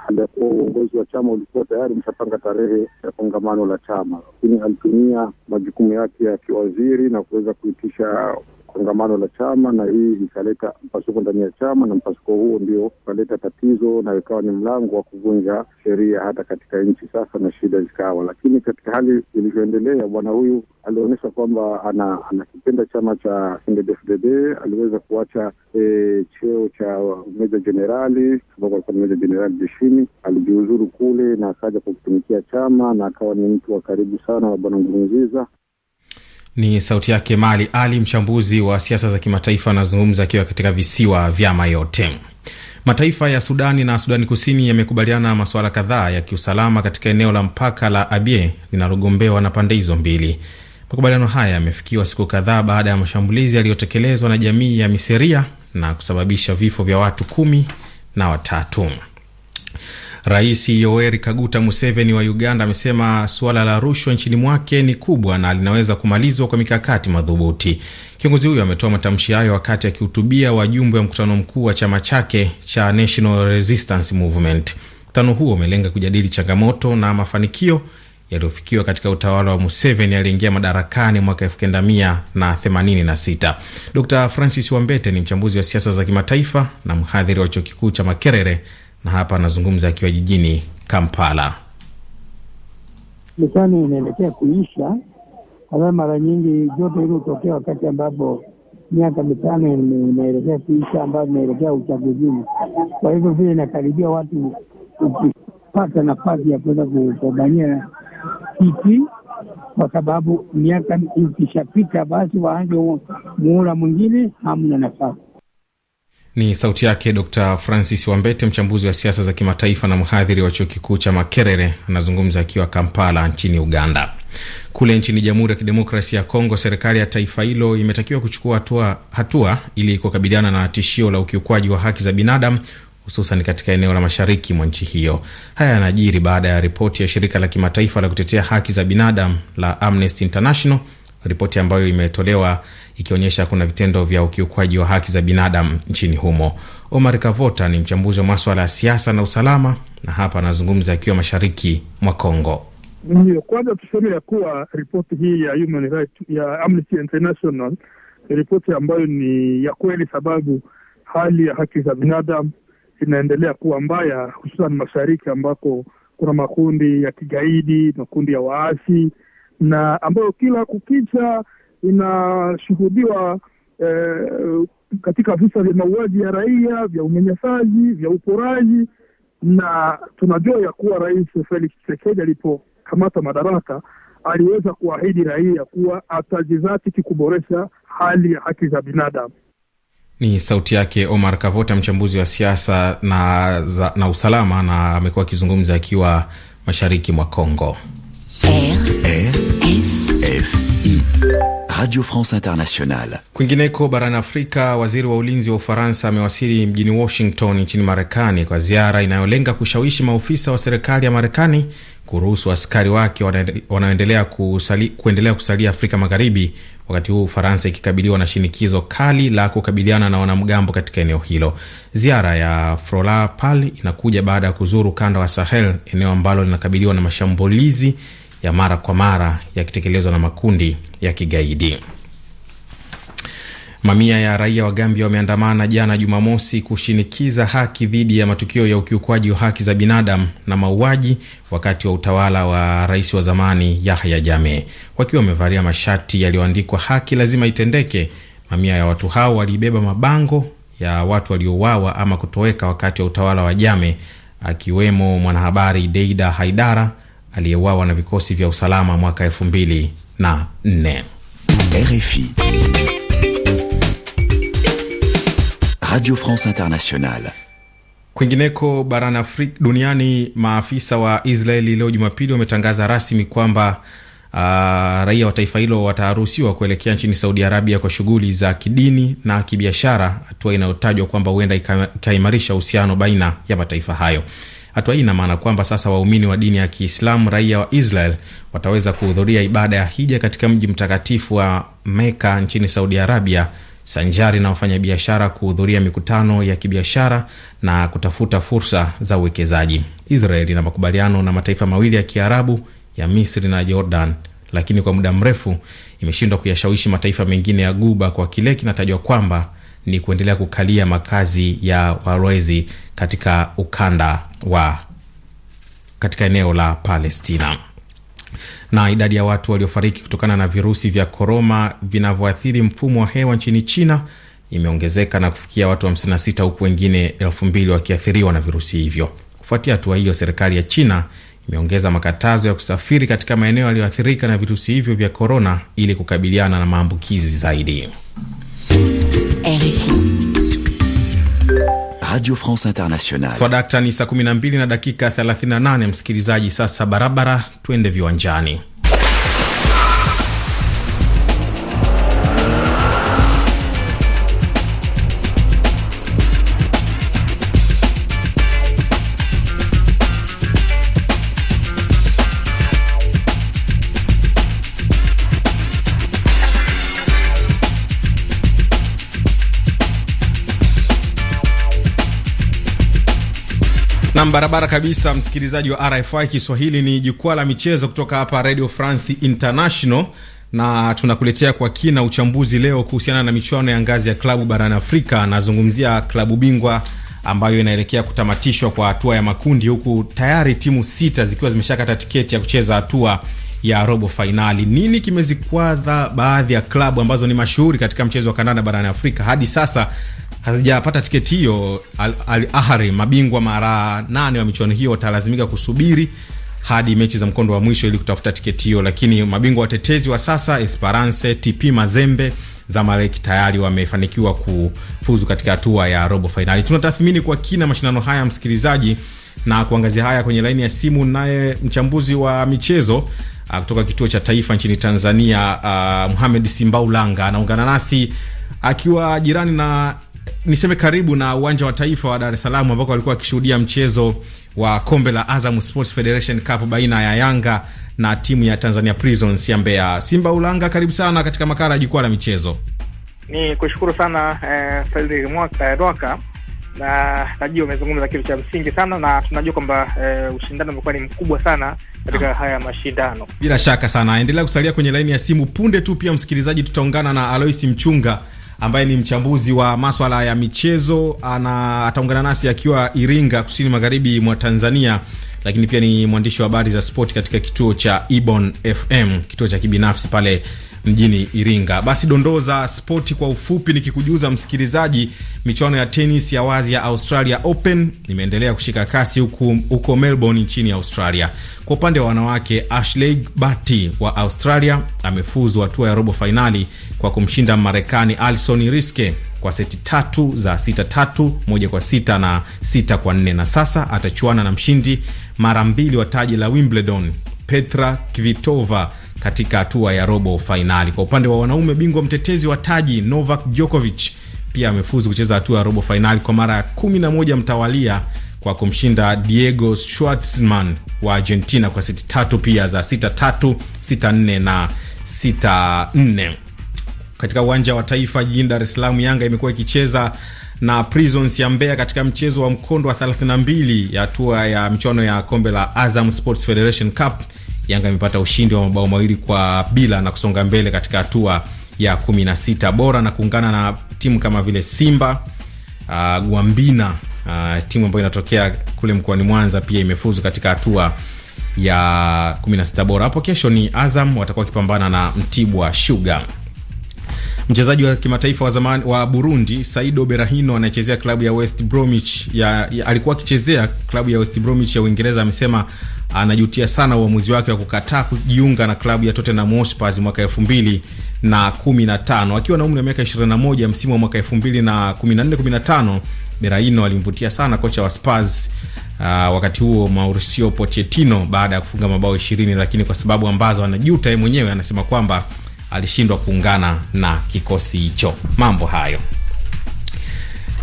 hajakuwa uongozi wa chama ulikuwa tayari umeshapanga tarehe ya kongamano la chama, lakini alitumia majukumu yake ya kiwaziri na kuweza kuitisha kongamano la chama, na hii ikaleta mpasuko ndani ya chama, na mpasuko huo ndio ukaleta tatizo na ikawa ni mlango wa kuvunja sheria hata katika nchi sasa, na shida zikawa. Lakini katika hali ilivyoendelea, bwana huyu alionyesha kwamba ana anakipenda chama cha CNDD-FDD. Aliweza kuacha e, cheo cha meja jenerali, sababu alikuwa ni meja jenerali jeshini. Alijiuzuru kule na akaja kukitumikia chama na akawa ni mtu wa karibu sana wa bwana Nkurunziza. Ni sauti yake Mali Ali, mchambuzi wa siasa za kimataifa, anazungumza akiwa katika visiwa vya Mayotte. Mataifa ya Sudani na Sudani Kusini yamekubaliana masuala kadhaa ya kiusalama katika eneo la mpaka la Abie linalogombewa na pande hizo mbili. Makubaliano haya yamefikiwa siku kadhaa baada ya mashambulizi yaliyotekelezwa na jamii ya Miseria na kusababisha vifo vya watu kumi na watatu. Rais Yoweri Kaguta Museveni wa Uganda amesema suala la rushwa nchini mwake ni kubwa na linaweza kumalizwa kwa mikakati madhubuti. Kiongozi huyo ametoa matamshi hayo wakati akihutubia wajumbe wa mkutano mkuu wa chama chake cha National Resistance Movement. Mkutano huo umelenga kujadili changamoto na mafanikio yaliyofikiwa katika utawala wa Museveni aliyeingia madarakani mwaka 1986. Dr Francis Wambete ni mchambuzi wa siasa za kimataifa na mhadhiri wa chuo kikuu cha Makerere na hapa anazungumza akiwa jijini Kampala. mitano inaelekea kuisha, ambayo mara nyingi joto hili hutokea wakati ambapo miaka mitano inaelekea kuisha, ambayo inaelekea uchaguzini. Kwa hivyo vile inakaribia, watu ukipata nafasi ya kuweza kugombania kiti kwa sababu miaka ikishapita basi waanze muhula mwingine, hamna nafasi. Ni sauti yake Dr Francis Wambete, mchambuzi wa siasa za kimataifa na mhadhiri wa chuo kikuu cha Makerere, anazungumza akiwa Kampala nchini Uganda. Kule nchini Jamhuri ya Kidemokrasia ya Kongo, serikali ya taifa hilo imetakiwa kuchukua hatua, hatua ili kukabiliana na tishio la ukiukwaji wa haki za binadamu hususan katika eneo la mashariki mwa nchi hiyo. Haya yanajiri baada ya ripoti ya shirika la kimataifa la kutetea haki za binadamu la Amnesty International ripoti ambayo imetolewa ikionyesha kuna vitendo vya ukiukwaji wa haki za binadamu nchini humo. Omar Kavota ni mchambuzi wa maswala ya siasa na usalama, na hapa anazungumza akiwa mashariki mwa Kongo. Ndio kwanza tuseme ya kuwa ripoti hii ya Human Rights, ya Amnesty International ni ripoti ambayo ni ya kweli, sababu hali ya haki za binadamu inaendelea kuwa mbaya, hususan mashariki ambako kuna makundi ya kigaidi, makundi ya waasi na ambayo kila kukicha inashuhudiwa eh, katika visa vya mauaji ya raia, vya unyanyasaji, vya uporaji, na tunajua ya kuwa Rais Felix chisekedi alipokamata madaraka aliweza kuahidi raia kuwa atajizatiti kuboresha hali ya haki za binadamu. Ni sauti yake Omar Kavota, mchambuzi wa siasa na, za, na usalama, na amekuwa akizungumza akiwa mashariki mwa Kongo. Eh. Radio France Internationale. Kwingineko barani Afrika, waziri wa ulinzi wa Ufaransa amewasili mjini Washington nchini Marekani kwa ziara inayolenga kushawishi maofisa wa serikali ya Marekani kuruhusu askari wake wanaoendelea kusali, kuendelea kusalia Afrika Magharibi, wakati huu Ufaransa ikikabiliwa na shinikizo kali la kukabiliana na wanamgambo katika eneo hilo. Ziara ya Frola Pal inakuja baada ya kuzuru ukanda wa Sahel, eneo ambalo linakabiliwa na mashambulizi ya mara kwa mara yakitekelezwa na makundi ya kigaidi. Mamia ya raia wa Gambia wameandamana jana Jumamosi kushinikiza haki dhidi ya matukio ya ukiukwaji wa haki za binadamu na mauaji wakati wa utawala wa rais wa zamani Yahya Jammeh. Wakiwa wamevalia mashati yaliyoandikwa haki lazima itendeke, mamia ya watu hao walibeba mabango ya watu waliouawa ama kutoweka wakati wa utawala wa Jammeh, akiwemo mwanahabari Deida Haidara aliyeuawa na vikosi vya usalama mwaka elfu mbili na nne. RFI Radio France Internationale. Kwingineko barani Afrika duniani, maafisa wa Israeli leo Jumapili wametangaza rasmi kwamba uh, raia wa taifa hilo wataruhusiwa kuelekea nchini Saudi Arabia kwa shughuli za kidini na kibiashara, hatua inayotajwa kwamba huenda ikaimarisha uhusiano baina ya mataifa hayo. Hatua hii ina maana kwamba sasa waumini wa dini ya Kiislamu raia wa Israel wataweza kuhudhuria ibada ya hija katika mji mtakatifu wa Meka nchini Saudi Arabia, sanjari na wafanyabiashara kuhudhuria mikutano ya kibiashara na kutafuta fursa za uwekezaji. Israel ina makubaliano na mataifa mawili ya Kiarabu ya Misri na Jordan, lakini kwa muda mrefu imeshindwa kuyashawishi mataifa mengine ya Guba kwa kile kinatajwa kwamba ni kuendelea kukalia makazi ya walowezi katika ukanda wa katika eneo la Palestina na idadi ya watu waliofariki kutokana na virusi vya korona vinavyoathiri mfumo wa hewa nchini China imeongezeka na kufikia watu 56 wa huku wengine 2000 wakiathiriwa na virusi hivyo. Kufuatia hatua hiyo, serikali ya China imeongeza makatazo ya kusafiri katika maeneo yaliyoathirika na virusi hivyo vya korona ili kukabiliana na maambukizi zaidi. Radio France Internationale. ni saa 12 na dakika 38, msikilizaji. Sasa barabara, tuende viwanjani. Nam barabara kabisa, msikilizaji wa RFI Kiswahili, ni jukwaa la michezo kutoka hapa Radio France International, na tunakuletea kwa kina uchambuzi leo kuhusiana na michuano ya ngazi ya klabu barani Afrika. Nazungumzia klabu bingwa ambayo inaelekea kutamatishwa kwa hatua ya makundi, huku tayari timu sita zikiwa zimeshakata tiketi ya kucheza hatua ya robo fainali. Nini kimezikwaza baadhi ya klabu ambazo ni mashuhuri katika mchezo wa kandanda barani Afrika hadi sasa hazijapata tiketi hiyo, Al, Ahly mabingwa mara nane wa michuano hiyo watalazimika kusubiri hadi mechi za mkondo wa mwisho ili kutafuta tiketi hiyo, lakini mabingwa watetezi wa sasa Esperance, TP Mazembe, Zamalek tayari wamefanikiwa kufuzu katika hatua ya robo fainali. Tunatathmini kwa kina mashindano haya msikilizaji, na kuangazia haya kwenye laini ya simu naye mchambuzi wa michezo Uh, kutoka kituo cha taifa nchini Tanzania uh, Mohamed Simbaulanga anaungana nasi akiwa jirani na niseme karibu na uwanja wa taifa wa Dar es Salaam ambako walikuwa wakishuhudia mchezo wa kombe la Azam Sports Federation Cup baina ya Yanga na timu ya Tanzania Prisons ya Mbeya. Simba Ulanga, karibu sana katika makala ya jukwaa la michezo. Ni kushukuru sana eh, Saidi eh, Mwaka na najua umezungumza kitu cha msingi sana, na tunajua kwamba e, ushindani umekuwa ni mkubwa sana katika no. haya mashindano. Bila shaka sana, endelea kusalia kwenye laini ya simu. Punde tu pia, msikilizaji, tutaungana na Alois Mchunga ambaye ni mchambuzi wa maswala ya michezo ana, ataungana nasi akiwa Iringa, kusini magharibi mwa Tanzania, lakini pia ni mwandishi wa habari za sport katika kituo cha Ibon FM, kituo cha kibinafsi pale mjini Iringa. Basi dondoo za spoti kwa ufupi, nikikujuza msikilizaji, michuano ya tenis ya wazi ya Australia Open imeendelea kushika kasi huku, huko Melbourne nchini Australia. Kwa upande wa wanawake, Ashley Barty wa Australia amefuzu hatua ya robo fainali kwa kumshinda Marekani Alison Riske kwa seti tatu za sita tatu moja kwa sita na sita kwa nne na sasa atachuana na mshindi mara mbili wa taji la Wimbledon Petra Kvitova katika hatua ya robo fainali. Kwa upande wa wanaume, bingwa mtetezi wa taji Novak Djokovic pia amefuzu kucheza hatua ya robo fainali kwa mara ya kumi na moja mtawalia kwa kumshinda Diego Schwartzman wa Argentina kwa seti tatu pia za sita tatu, sita nne na sita nne. Katika uwanja wa taifa jijini Dar es Salaam, Yanga imekuwa ikicheza na Prisons ya Mbeya katika mchezo wa mkondo wa 32 ya hatua ya michuano ya kombe la Azam Sports Federation Cup Yanga imepata ushindi wa mabao mawili kwa bila na kusonga mbele katika hatua ya 16 bora na kuungana na timu kama vile Simba uh, Gwambina uh, timu ambayo inatokea kule mkoani Mwanza pia imefuzu katika hatua ya sita bora. Hapo kesho ni Azam watakuwa wakipambana na Mtibwa Sugar. Mchezaji wa kimataifa wa zamani wa Burundi Saido Berahino anayechezea klabu ya West Bromwich ya, ya, alikuwa akichezea klabu ya West Bromwich ya Uingereza amesema anajutia sana uamuzi wake wa kukataa kujiunga na klabu ya Tottenham Hotspur mwaka elfu mbili na kumi na tano akiwa na umri wa miaka 21. Msimu wa mwaka na tano Berahino alimvutia sana kocha wa Spurs uh, wakati huo Mauricio Pochettino baada ya kufunga mabao 20, lakini kwa sababu ambazo anajuta yeye mwenyewe anasema kwamba alishindwa kuungana na kikosi hicho. Mambo hayo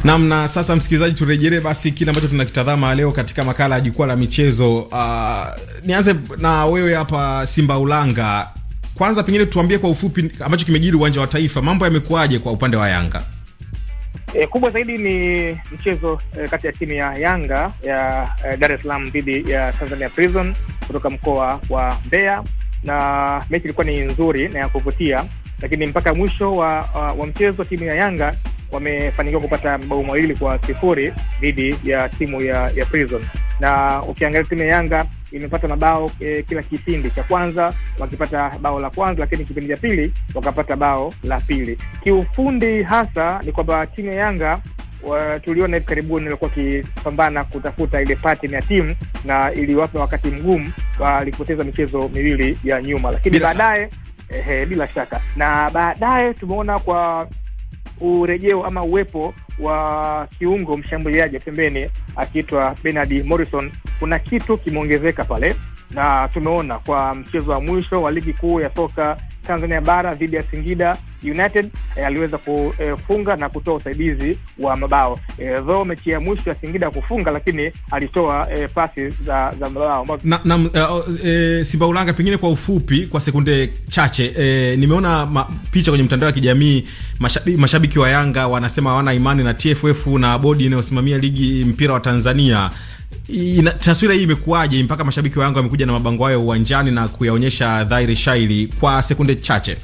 namna. Sasa msikilizaji, turejelee basi kile ambacho tunakitazama leo katika makala ya jukwaa la michezo. Uh, nianze na wewe hapa Simba Ulanga. Kwanza pengine tuambie kwa ufupi ambacho kimejiri uwanja wa Taifa, mambo yamekuwaje kwa upande wa Yanga? E, kubwa zaidi ni mchezo e, kati ya timu ya Yanga ya e, Dar es Salaam dhidi ya Tanzania Prison kutoka mkoa wa Mbeya na mechi ilikuwa ni nzuri na ya kuvutia, lakini mpaka mwisho wa, wa, wa mchezo timu ya Yanga wamefanikiwa kupata mabao mawili kwa sifuri dhidi ya timu ya, ya Prison. Na ukiangalia timu ya Yanga imepata mabao e, kila kipindi cha kwanza wakipata bao la kwanza, lakini kipindi cha pili wakapata bao la pili. Kiufundi hasa ni kwamba timu ya Yanga tuliona hivi karibuni walikuwa wakipambana kutafuta ile pattern ya timu na iliwapa wakati mgumu, walipoteza michezo miwili ya nyuma, lakini baadaye ehe, bila shaka na baadaye tumeona kwa urejeo ama uwepo wa kiungo mshambuliaji pembeni akiitwa Bernard Morrison, kuna kitu kimeongezeka pale, na tumeona kwa mchezo wa mwisho wa ligi kuu ya soka Tanzania bara dhidi ya Singida United e, aliweza kufunga eh, na kutoa usaidizi wa mabao e, though mechi ya mwisho ya Singida kufunga, lakini alitoa e, pasi za, za mabao na, na uh, e, Simba Ulanga. Pengine kwa ufupi, kwa sekunde chache e, nimeona ma, picha kwenye mtandao wa kijamii mashabi, mashabiki wa Yanga wanasema hawana imani na TFF na bodi inayosimamia ligi mpira wa Tanzania ina, taswira hii imekuwaje mpaka mashabiki wa Yanga wamekuja na mabango hayo uwanjani na kuyaonyesha dhahiri shairi kwa sekunde chache?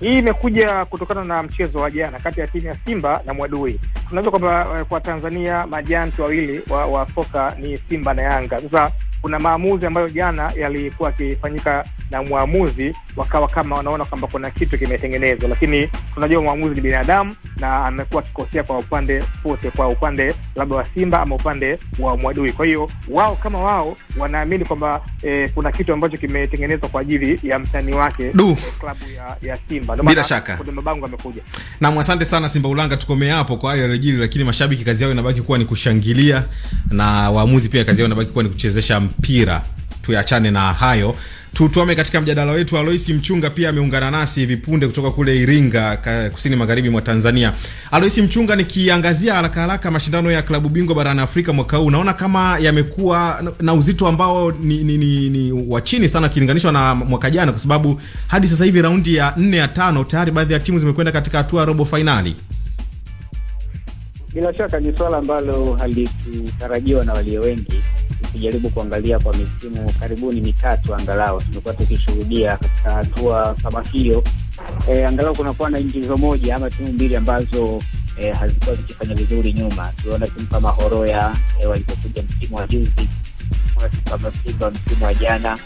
Hii imekuja kutokana na mchezo wa jana kati ya timu ya Simba na Mwadui. Tunajua kwamba eh, kwa Tanzania majanti wawili wa, wa soka ni Simba na Yanga. Sasa kuna maamuzi ambayo jana yalikuwa yakifanyika na mwamuzi, wakawa kama wanaona kwamba kuna kitu kimetengenezwa, lakini tunajua mwamuzi ni binadamu na amekuwa akikosea kwa upande wote, kwa upande labda wa Simba ama upande wa Mwadui. Kwa hiyo wao kama wao wanaamini kwamba eh, kuna kitu ambacho kimetengenezwa kwa ajili ya mtani wake du, eh, klabu ya, ya Simba. Bila shaka kuna mabango amekuja nam. Asante sana Simba Ulanga, tukomee hapo kwa hayo yaliyojiri, lakini mashabiki kazi yao inabaki kuwa ni kushangilia na waamuzi pia kazi yao inabaki kuwa ni kuchezesha mpira. Tuyachane na hayo tutuame katika mjadala wetu. Aloisi Mchunga pia ameungana nasi hivi punde kutoka kule Iringa, kusini magharibi mwa Tanzania. Aloisi Mchunga, nikiangazia haraka haraka mashindano ya klabu bingwa barani Afrika mwaka huu, naona kama yamekuwa na uzito ambao ni, ni, ni, ni wa chini sana ukilinganishwa na mwaka jana, kwa sababu hadi sasa hivi raundi ya nne ya tano tayari baadhi ya timu zimekwenda katika hatua robo fainali. Bila shaka ni swala ambalo halikutarajiwa na walio wengi tukijaribu kuangalia kwa misimu karibuni mitatu angalau tumekuwa tukishuhudia katika hatua kama hiyo e, angalau kunakuwa na ingizo moja ama timu mbili ambazo e, hazikuwa zikifanya vizuri nyuma. Tuliona timu kama Horoya e, walipokuja msimu wa juzi, kama Simba msimu wa jana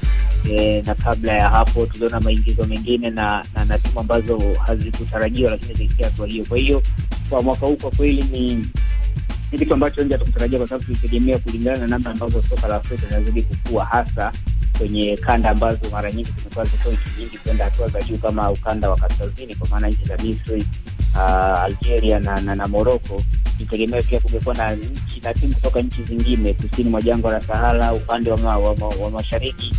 e, na kabla ya hapo tuliona maingizo mengine na, na, na timu ambazo hazikutarajiwa lakini zilifikia hatua hiyo. Kwa hiyo kwa mwaka huu kwa kweli ni ni kitu ambacho wengi atakutarajia kwa sababu tulitegemea kulingana na namna ambavyo soka la Afrika linazidi kukua, hasa kwenye kanda ambazo mara nyingi zimekuwa zitoa nchi nyingi kwenda hatua za juu, kama ukanda wa kaskazini, kwa maana nchi za Misri, uh, Algeria na, na, na Moroko. Tulitegemea pia kumekuwa na nchi na timu kutoka nchi zingine kusini mwa jangwa la Sahara, upande wa, ma, wa, wa, wa mashariki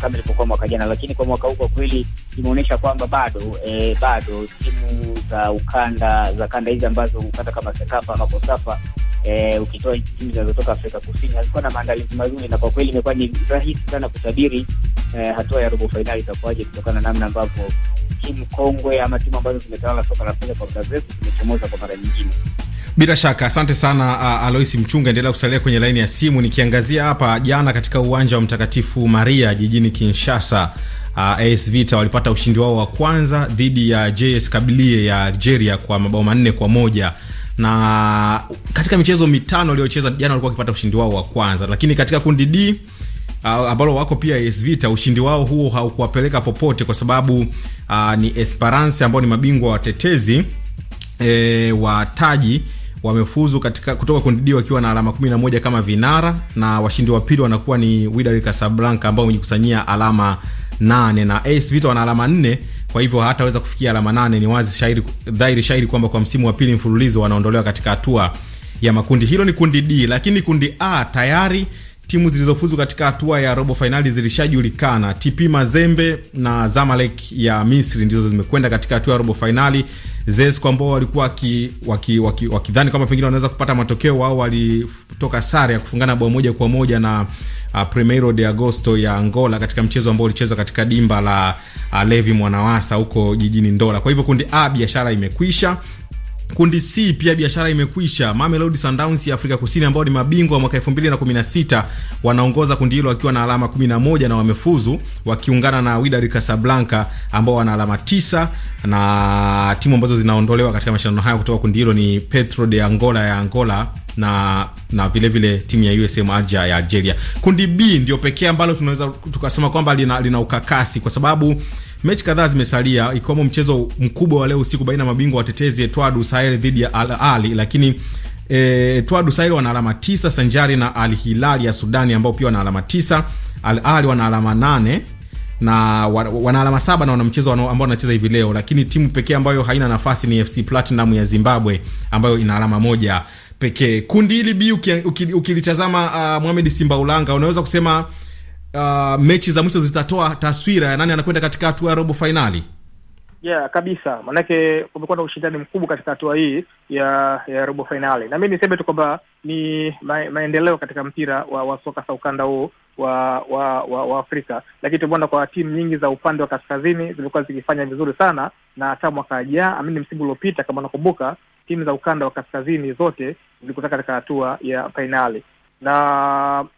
kama ilivyokuwa mwaka jana, lakini kwa mwaka huu kwa kweli imeonyesha kwamba bado e, bado timu za ukanda za kanda hizi ambazo ukanda kama Sekafa ama Kosafa eh, ukitoa timu zinazotoka Afrika Kusini hazikuwa na maandalizi mazuri, na kwa kweli imekuwa ni rahisi sana kutabiri eh, hatua ya robo fainali itakuwaje kutokana na namna ambavyo timu kongwe ama timu ambazo zimetawala soka la Afrika kwa muda mrefu zimechomoza kwa mara nyingine. Bila shaka asante sana uh, Alois Mchunga, endelea kusalia kwenye laini ya simu. Nikiangazia hapa jana katika uwanja wa Mtakatifu Maria jijini Kinshasa, uh, AS Vita walipata ushindi wao wa kwanza dhidi ya JS Kabylie ya Algeria kwa mabao manne kwa moja na katika michezo mitano aliyocheza jana walikuwa wakipata ushindi wao wa kwanza, lakini katika kundi D uh, ambalo wako pia AS Vita, ushindi wao huo haukuwapeleka popote kwa sababu uh, ni Esperance ambao ni mabingwa watetezi e, wa taji wamefuzu katika kutoka kundi D wakiwa na alama 11 kama vinara, na washindi wa pili wanakuwa ni Wydad Casablanca ambao wamejikusanyia alama 8 na AS Vita wana alama 4 kwa hivyo hataweza kufikia alama nane. Ni wazi shairi, dhahiri shairi kwamba kwa msimu wa pili mfululizo wanaondolewa katika hatua ya makundi. Hilo ni kundi D, lakini kundi A tayari timu zilizofuzu katika hatua ya robo fainali zilishajulikana. TP Mazembe na Zamalek ya Misri ndizo zimekwenda katika hatua ya robo fainali. ZESCO ambao walikuwa wakidhani waki, waki, waki kwamba pengine wanaweza kupata matokeo, wao walitoka sare ya kufungana bao moja kwa moja na uh, Primeiro de Agosto ya Angola katika mchezo ambao ulichezwa katika dimba la uh, Levi Mwanawasa huko jijini Ndola. Kwa hivyo kundi A biashara imekwisha Kundi C pia biashara imekwisha. Mamelodi Sundowns ya Afrika Kusini ambao ni mabingwa mwaka 2016 wanaongoza kundi hilo wakiwa na alama 11 na wamefuzu, wakiungana na Wydad Casablanca ambao wana alama 9, na timu ambazo zinaondolewa katika mashindano haya kutoka kundi hilo ni Petro de Angola ya Angola na na vile vile timu ya USM Alger ya Algeria. Kundi B ndio pekee ambalo tunaweza tukasema kwamba lina, lina ukakasi kwa sababu Mechi kadhaa zimesalia ikiwemo mchezo mkubwa wa leo usiku baina ya mabingwa watetezi Etwadu Sahel dhidi ya Al Ali, lakini eh, Etwadu Sahel wana alama tisa sanjari na Al Hilal ya Sudani ambao pia wana alama tisa. Al Ali wana alama nane na wana alama saba na wana mchezo ambao wanacheza hivi leo, lakini timu pekee ambayo haina nafasi ni FC Platinum ya Zimbabwe ambayo ina alama moja pekee. Kundi hili bi ukilitazama, uki, uki uh, Mohamed Simba Ulanga, unaweza kusema uh, mechi za mwisho zitatoa taswira ya nani anakwenda katika hatua ya robo fainali. Yeah, kabisa, maanake kumekuwa na ushindani mkubwa katika hatua hii ya ya robo fainali, na mi niseme tu kwamba ni ma, maendeleo katika mpira wa, wa soka sa ukanda huu wa wa, wa wa Afrika, lakini tumeona kwa timu nyingi za upande wa kaskazini zimekuwa zikifanya vizuri sana, na hata mwaka jaa amini, msimu uliopita kama unakumbuka, timu za ukanda wa kaskazini zote zilikutoka katika hatua ya fainali na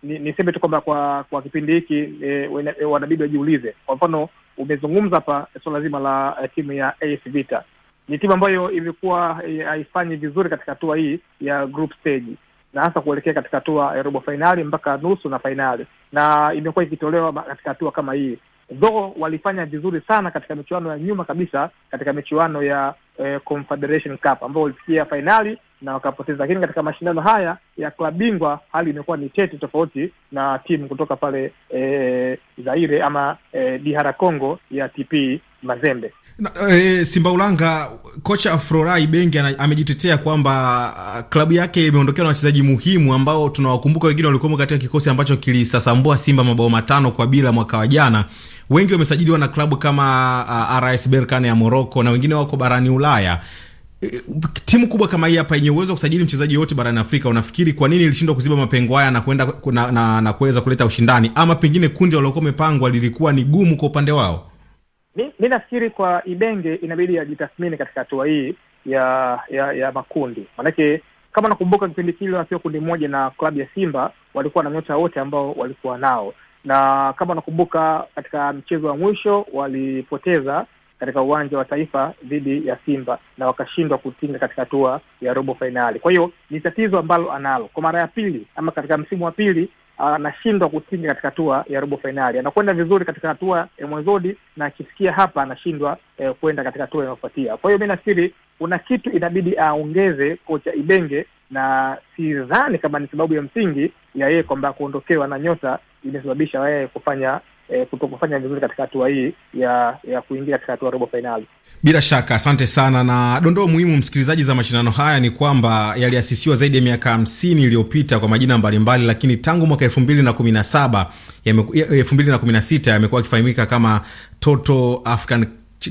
niseme tu kwamba kwa kwa kipindi hiki e, e, wanabidi wajiulize. Kwa mfano umezungumza hapa suala zima la e, timu ya AS Vita ni timu ambayo imekuwa e, haifanyi vizuri katika hatua hii ya group stage na hasa kuelekea katika hatua ya robo fainali mpaka nusu na fainali, na imekuwa ikitolewa katika hatua kama hii dho walifanya vizuri sana katika michuano ya nyuma kabisa, katika michuano ya e, Confederation Cup ambayo walifikia fainali na wakapoteza. Lakini katika mashindano haya ya klabu bingwa hali imekuwa ni tete, tofauti na timu kutoka pale e, Zaire ama e, Dihara Congo ya TP Mazembe. Na, e, Simba Ulanga, kocha Frorai Bengi amejitetea kwamba klabu ah, yake imeondokewa na wachezaji muhimu ambao tunawakumbuka, wengine walikuwa katika kikosi ambacho kilisasambua Simba mabao matano kwa bila mwaka wa jana. Wengi wamesajiliwa na klabu kama uh, ah, RS Berkane ya Morocco na wengine wako barani Ulaya timu kubwa kama hii hapa yenye uwezo wa kusajili mchezaji yote barani Afrika, unafikiri kwa nini ilishindwa kuziba mapengo haya na kwenda na, na, na kuweza kuleta ushindani, ama pengine kundi waliokuwa mepangwa lilikuwa ni gumu kwa upande wao? Mi nafikiri kwa Ibenge inabidi ajitathmini katika hatua hii ya ya ya makundi, maanake kama nakumbuka kipindi kile wakiwa kundi moja na klabu ya Simba walikuwa na nyota wote ambao walikuwa nao, na kama nakumbuka katika mchezo wa mwisho walipoteza katika uwanja wa Taifa dhidi ya Simba na wakashindwa kutinga katika hatua ya robo fainali. Kwa hiyo ni tatizo ambalo analo kwa mara ya pili ama katika msimu wa pili ah, anashindwa kutinga katika hatua ya robo fainali. Anakwenda vizuri katika hatua ya mwanzoni, na akifikia hapa anashindwa eh, kuenda katika hatua inayofuatia. Kwa hiyo mi nafikiri kuna kitu inabidi aongeze kocha Ibenge, na sidhani kama ni sababu ya msingi ya yeye kwamba kuondokewa na nyota imesababisha yeye kufanya e, kutokufanya vizuri katika hatua hii ya ya kuingia katika hatua robo fainali. Bila shaka, asante sana. Na dondoo muhimu, msikilizaji, za mashindano haya ni kwamba yaliasisiwa zaidi ya miaka hamsini iliyopita kwa majina mbalimbali, lakini tangu mwaka elfu mbili na kumi na saba elfu mbili na kumi na sita yamekuwa yakifahamika kama Toto African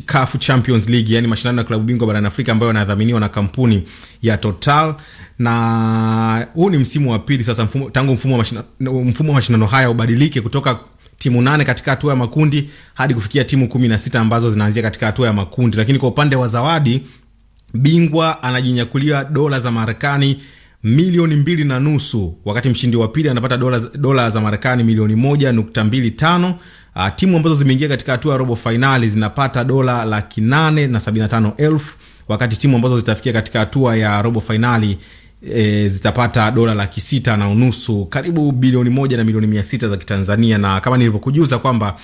CAF Champions League, yani mashindano ya klabu bingwa barani Afrika ambayo yanadhaminiwa na kampuni ya Total. Na huu ni msimu wa pili sasa mfumo, tangu mfumo wa mashindano, mfumo wa mashindano haya ubadilike kutoka timu nane katika hatua ya makundi hadi kufikia timu kumi na sita ambazo zinaanzia katika hatua ya makundi. Lakini kwa upande wa zawadi, bingwa anajinyakulia dola za Marekani milioni mbili na nusu wakati mshindi wa pili anapata dola, dola za Marekani milioni moja nukta mbili tano. Uh, timu ambazo zimeingia katika hatua ya robo fainali zinapata dola laki nane na sabini na tano elfu wakati timu ambazo zitafikia katika hatua ya robo fainali e, zitapata dola laki sita na unusu, karibu bilioni moja na milioni mia sita za Kitanzania, na kama nilivyokujuza kwamba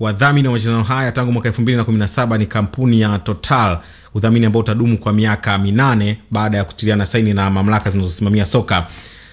wadhamini wa mashindano haya tangu mwaka elfu mbili na kumi na saba ni kampuni ya Total, udhamini ambao utadumu kwa miaka minane baada ya kutiliana saini na mamlaka zinazosimamia soka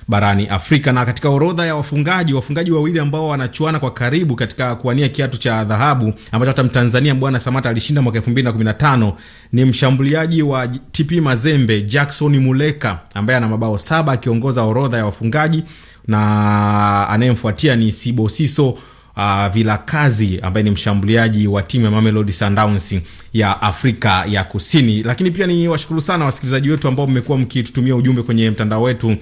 barani Afrika. Na katika orodha ya wafungaji, wafungaji wawili ambao wanachuana kwa karibu katika kuwania kiatu cha dhahabu ambacho hata Mtanzania Bwana Samata alishinda mwaka elfu mbili na na kumi tano ni mshambuliaji wa TP Mazembe Jackson Muleka ambaye ana mabao saba akiongoza orodha ya wafungaji, na anayemfuatia ni Sibosiso Uh, Vilakazi ambaye ni mshambuliaji wa timu ya Mamelodi Sundowns ya Afrika ya Kusini. Lakini pia ni washukuru sana wasikilizaji wetu ambao mmekuwa mkitutumia ujumbe kwenye mtandao wetu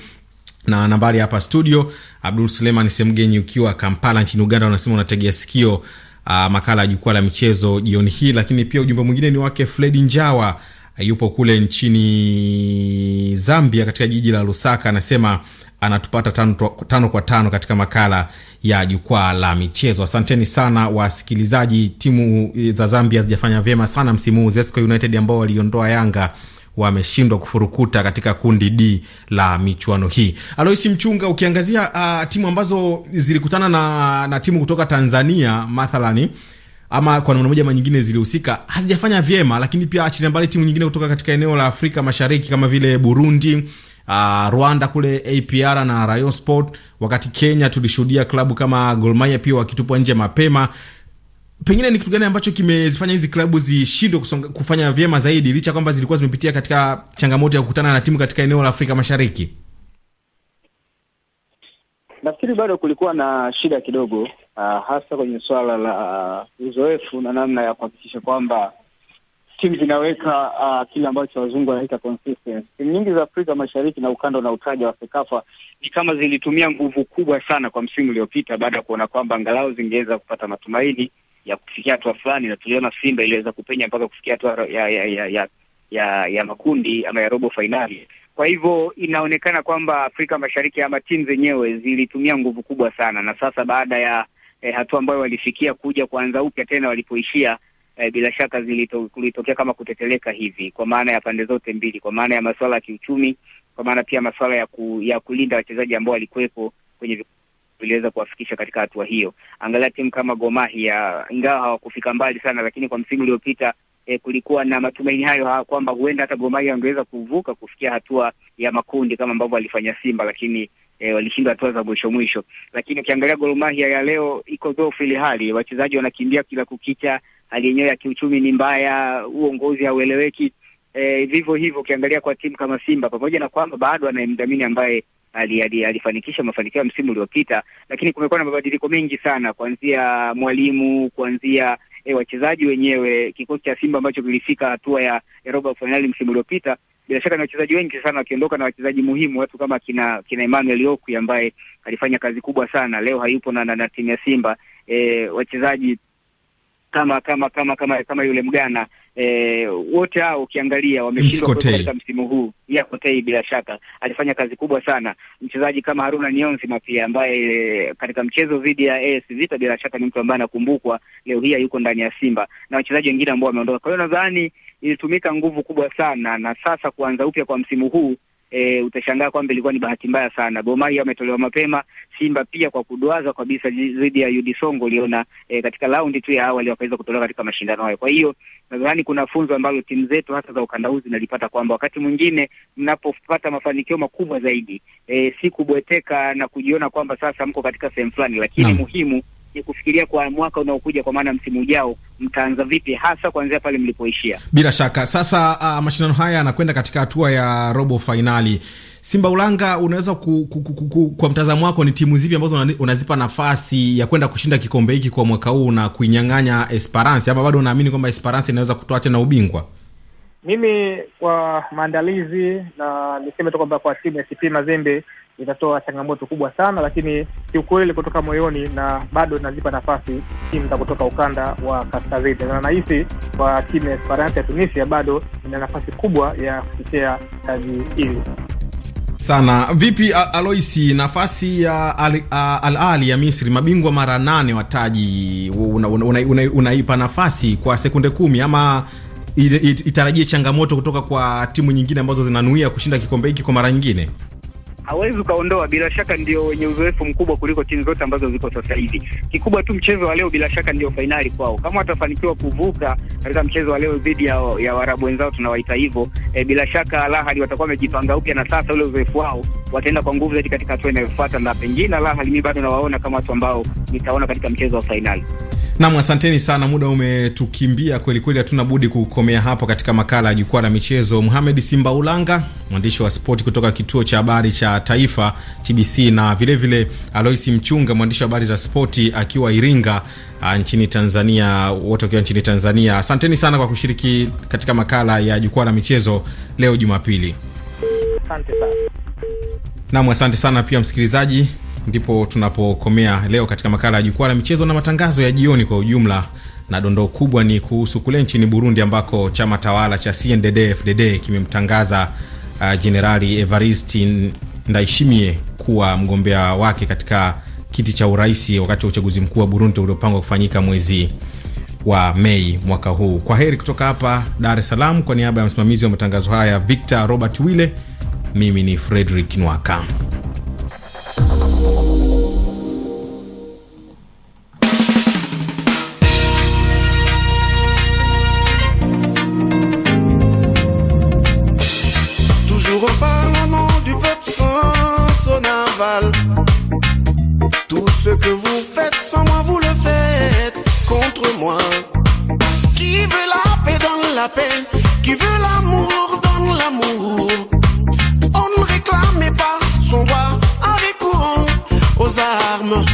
na nambari hapa studio. Abdul Suleiman Semgenyi ukiwa Kampala nchini Uganda, unasema unategea sikio uh, makala ya jukwaa la michezo jioni hii. Lakini pia ujumbe mwingine ni wake Fredi Njawa, uh, yupo kule nchini Zambia katika jiji la Lusaka, anasema anatupata tano, tano kwa tano katika makala ya jukwaa la michezo. Asanteni sana wasikilizaji. Timu eh, za Zambia zijafanya vyema sana msimu huu, Zesco United ambao waliondoa Yanga wameshindwa kufurukuta katika kundi D la michuano hii. Aloisi Mchunga, ukiangazia uh, timu ambazo zilikutana na, na timu kutoka Tanzania mathalani ama kwa namna moja manyingine zilihusika hazijafanya vyema, lakini pia achilia mbali timu nyingine kutoka katika eneo la Afrika Mashariki kama vile Burundi, uh, Rwanda kule APR na Rayon Sport, wakati Kenya tulishuhudia klabu kama Gor Mahia pia wakitupwa nje mapema pengine ni kitu gani ambacho kimezifanya hizi klabu zishindwe kufanya vyema zaidi licha kwamba zilikuwa zimepitia katika changamoto ya kukutana na timu katika eneo la Afrika Mashariki? Nafikiri bado kulikuwa na shida kidogo, uh, hasa kwenye suala la uh, uzoefu na namna ya kuhakikisha kwamba timu zinaweka uh, kile ambacho wazungu wanaita consistency. Timu nyingi za Afrika Mashariki na ukanda utaja wa SEKAFA ni kama zilitumia nguvu kubwa sana kwa msimu uliopita, baada ya kuona kwamba angalau zingeweza kupata matumaini ya kufikia hatua fulani, na tuliona Simba iliweza kupenya mpaka kufikia hatua ya, ya, ya, ya, ya, ya makundi ama ya robo fainali. Kwa hivyo inaonekana kwamba Afrika Mashariki ama timu zenyewe zilitumia nguvu kubwa sana, na sasa baada ya eh, hatua ambayo walifikia kuja kuanza upya tena walipoishia eh, bila shaka kulitokea kama kuteteleka hivi, kwa maana ya pande zote mbili, kwa maana ya masuala ya kiuchumi, kwa maana pia masuala ya, ku, ya kulinda wachezaji ambao walikuwepo kwenye viliweza kuwafikisha katika hatua hiyo. Angalia timu kama Gor Mahia, ingawa hawakufika mbali sana, lakini kwa msimu uliopita E, kulikuwa na matumaini hayo ah, kwamba huenda hata Gor Mahia wangeweza kuvuka kufikia hatua ya makundi kama ambavyo walifanya Simba, lakini e, walishindwa hatua za mwisho mwisho. Lakini ukiangalia Gor Mahia ya leo iko dhaifu, ili hali wachezaji wanakimbia kila kukicha, hali yenyewe ya kiuchumi ni mbaya, uongozi haueleweki. E, vivyo hivyo ukiangalia kwa timu kama Simba, pamoja na kwamba bado anayemdhamini ambaye alifanikisha mafanikio ya msimu uliopita, lakini kumekuwa na mabadiliko mengi sana, kuanzia mwalimu, kuanzia e, wachezaji wenyewe. Kikosi cha Simba ambacho kilifika hatua ya, ya robo fainali msimu uliopita bila shaka na wachezaji wengi sana wakiondoka, na wachezaji muhimu, watu kama kina kina Emmanuel Okwi ambaye alifanya kazi kubwa sana, leo hayupo na, na, na timu ya Simba. E, wachezaji kama kama kama kama kama yule Mgana E, wote hao ukiangalia wameshindwa katika msimu huu. Ya Kotei bila shaka alifanya kazi kubwa sana. Mchezaji kama Haruna nionzima pia ambaye eh, katika mchezo dhidi ya AS Vita bila shaka ni mtu ambaye anakumbukwa, leo hii yuko ndani ya Simba na wachezaji wengine ambao wameondoka. Kwa hiyo nadhani ilitumika nguvu kubwa sana, na sasa kuanza upya kwa msimu huu e, utashangaa kwamba ilikuwa ni bahati mbaya sana. Gor Mahia wametolewa mapema, Simba pia kwa kudwaza kabisa dhidi ya UD Songo, uliona e, katika raundi tu ya awali wakaweza kutolewa katika mashindano hayo. Kwa hiyo nadhani kuna funzo ambalo timu zetu hasa za ukanda huu zinalipata kwamba wakati mwingine mnapopata mafanikio makubwa zaidi e, si kubweteka na kujiona kwamba sasa mko katika sehemu fulani, lakini na muhimu ni kufikiria kwa mwaka unaokuja, kwa maana msimu ujao mtaanza vipi, hasa kuanzia pale mlipoishia. Bila shaka sasa, uh, mashindano haya yanakwenda katika hatua ya robo fainali. Simba Ulanga, unaweza ku, ku, ku, ku, kwa mtazamo wako ni timu zipi ambazo unazipa nafasi ya kwenda kushinda kikombe hiki kwa mwaka huu na kuinyang'anya Esperance, ama bado unaamini kwamba Esperance inaweza kutoa tena ubingwa? Mimi kwa maandalizi na niseme tu kwamba kwa timu ya TP Mazembe itatoa changamoto kubwa sana, lakini kiukweli kutoka moyoni na bado inazipa nafasi timu za kutoka ukanda wa kaskazini, na nahisi kwa timu ya Esperance ya Tunisia bado ina nafasi kubwa ya kuchochea taji hili sana. Vipi Aloisi, nafasi ya Al Ahly ya Misri, mabingwa mara nane wa taji, unaipa una, una, una nafasi kwa sekunde kumi ama itarajie changamoto kutoka kwa timu nyingine ambazo zinanuia kushinda kikombe hiki kwa mara nyingine? hawezi ukaondoa, bila shaka ndio wenye uzoefu mkubwa kuliko timu zote ambazo ziko sasa hivi. Kikubwa tu mchezo wa leo bila shaka ndio fainali kwao, kama watafanikiwa kuvuka katika mchezo wa leo dhidi ya, ya warabu wenzao tunawaita hivyo e, bila shaka Lahali watakuwa wamejipanga upya, na sasa ule uzoefu wao wataenda kwa nguvu zaidi katika hatua inayofuata, na pengine Lahali Ahly bado nawaona kama watu ambao nitaona katika mchezo wa fainali. Nam, asanteni sana, muda umetukimbia kweli kweli, hatuna budi kukomea hapo katika makala ya jukwaa la michezo. Muhamed Simbaulanga, mwandishi wa spoti kutoka kituo cha habari cha taifa TBC, na vilevile Aloisi Mchunga, mwandishi wa habari za spoti akiwa Iringa ah, nchini Tanzania, wote wakiwa nchini Tanzania. Asanteni sana kwa kushiriki katika makala ya jukwaa la michezo leo Jumapili. Nam, asante sana pia msikilizaji. Ndipo tunapokomea leo katika makala ya jukwaa la michezo na matangazo ya jioni kwa ujumla, na dondoo kubwa ni kuhusu kule nchini Burundi ambako chama tawala cha CNDD-FDD kimemtangaza ah, jenerali Evarist Ndayishimiye kuwa mgombea wake katika kiti cha urais wakati wa uchaguzi mkuu wa Burundi uliopangwa kufanyika mwezi wa Mei mwaka huu. Kwa heri kutoka hapa Dar es Salaam, kwa niaba ya msimamizi wa matangazo haya Victor Robert Wille, mimi ni Frederick Nwaka. Tout ce que vous faites sans moi, vous le faites contre moi. Qui veut la paix dans la paix, qui veut l'amour dans l'amour. On ne réclame pas son droit avec courant aux armes.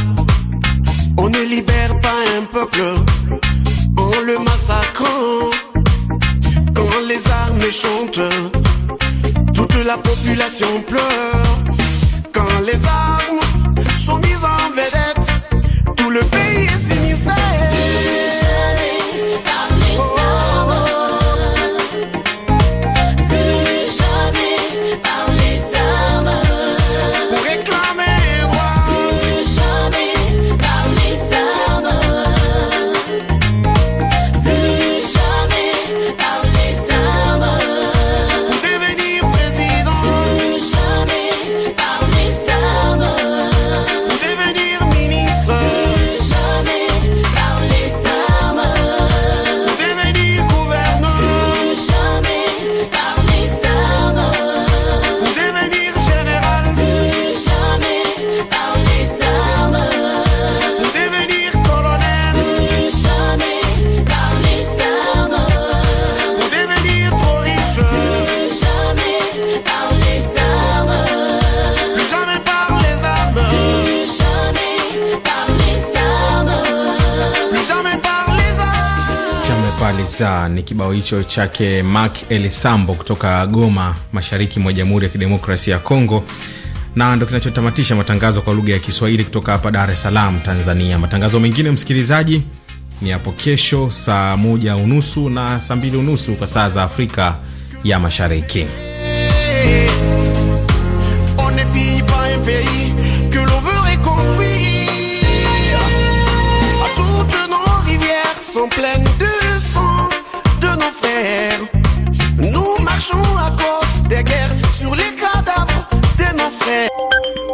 On ne libère pas un peuple en le massacrant. Quand les armes chantent, toute la population pleure. all. kabisa ni kibao hicho chake Mark Elisambo kutoka Goma, mashariki mwa Jamhuri ya Kidemokrasia ya Kongo, na ndo kinachotamatisha matangazo kwa lugha ya Kiswahili kutoka hapa Dar es Salaam, Tanzania. Matangazo mengine, msikilizaji, ni hapo kesho saa moja unusu na saa mbili unusu kwa saa za Afrika ya Mashariki.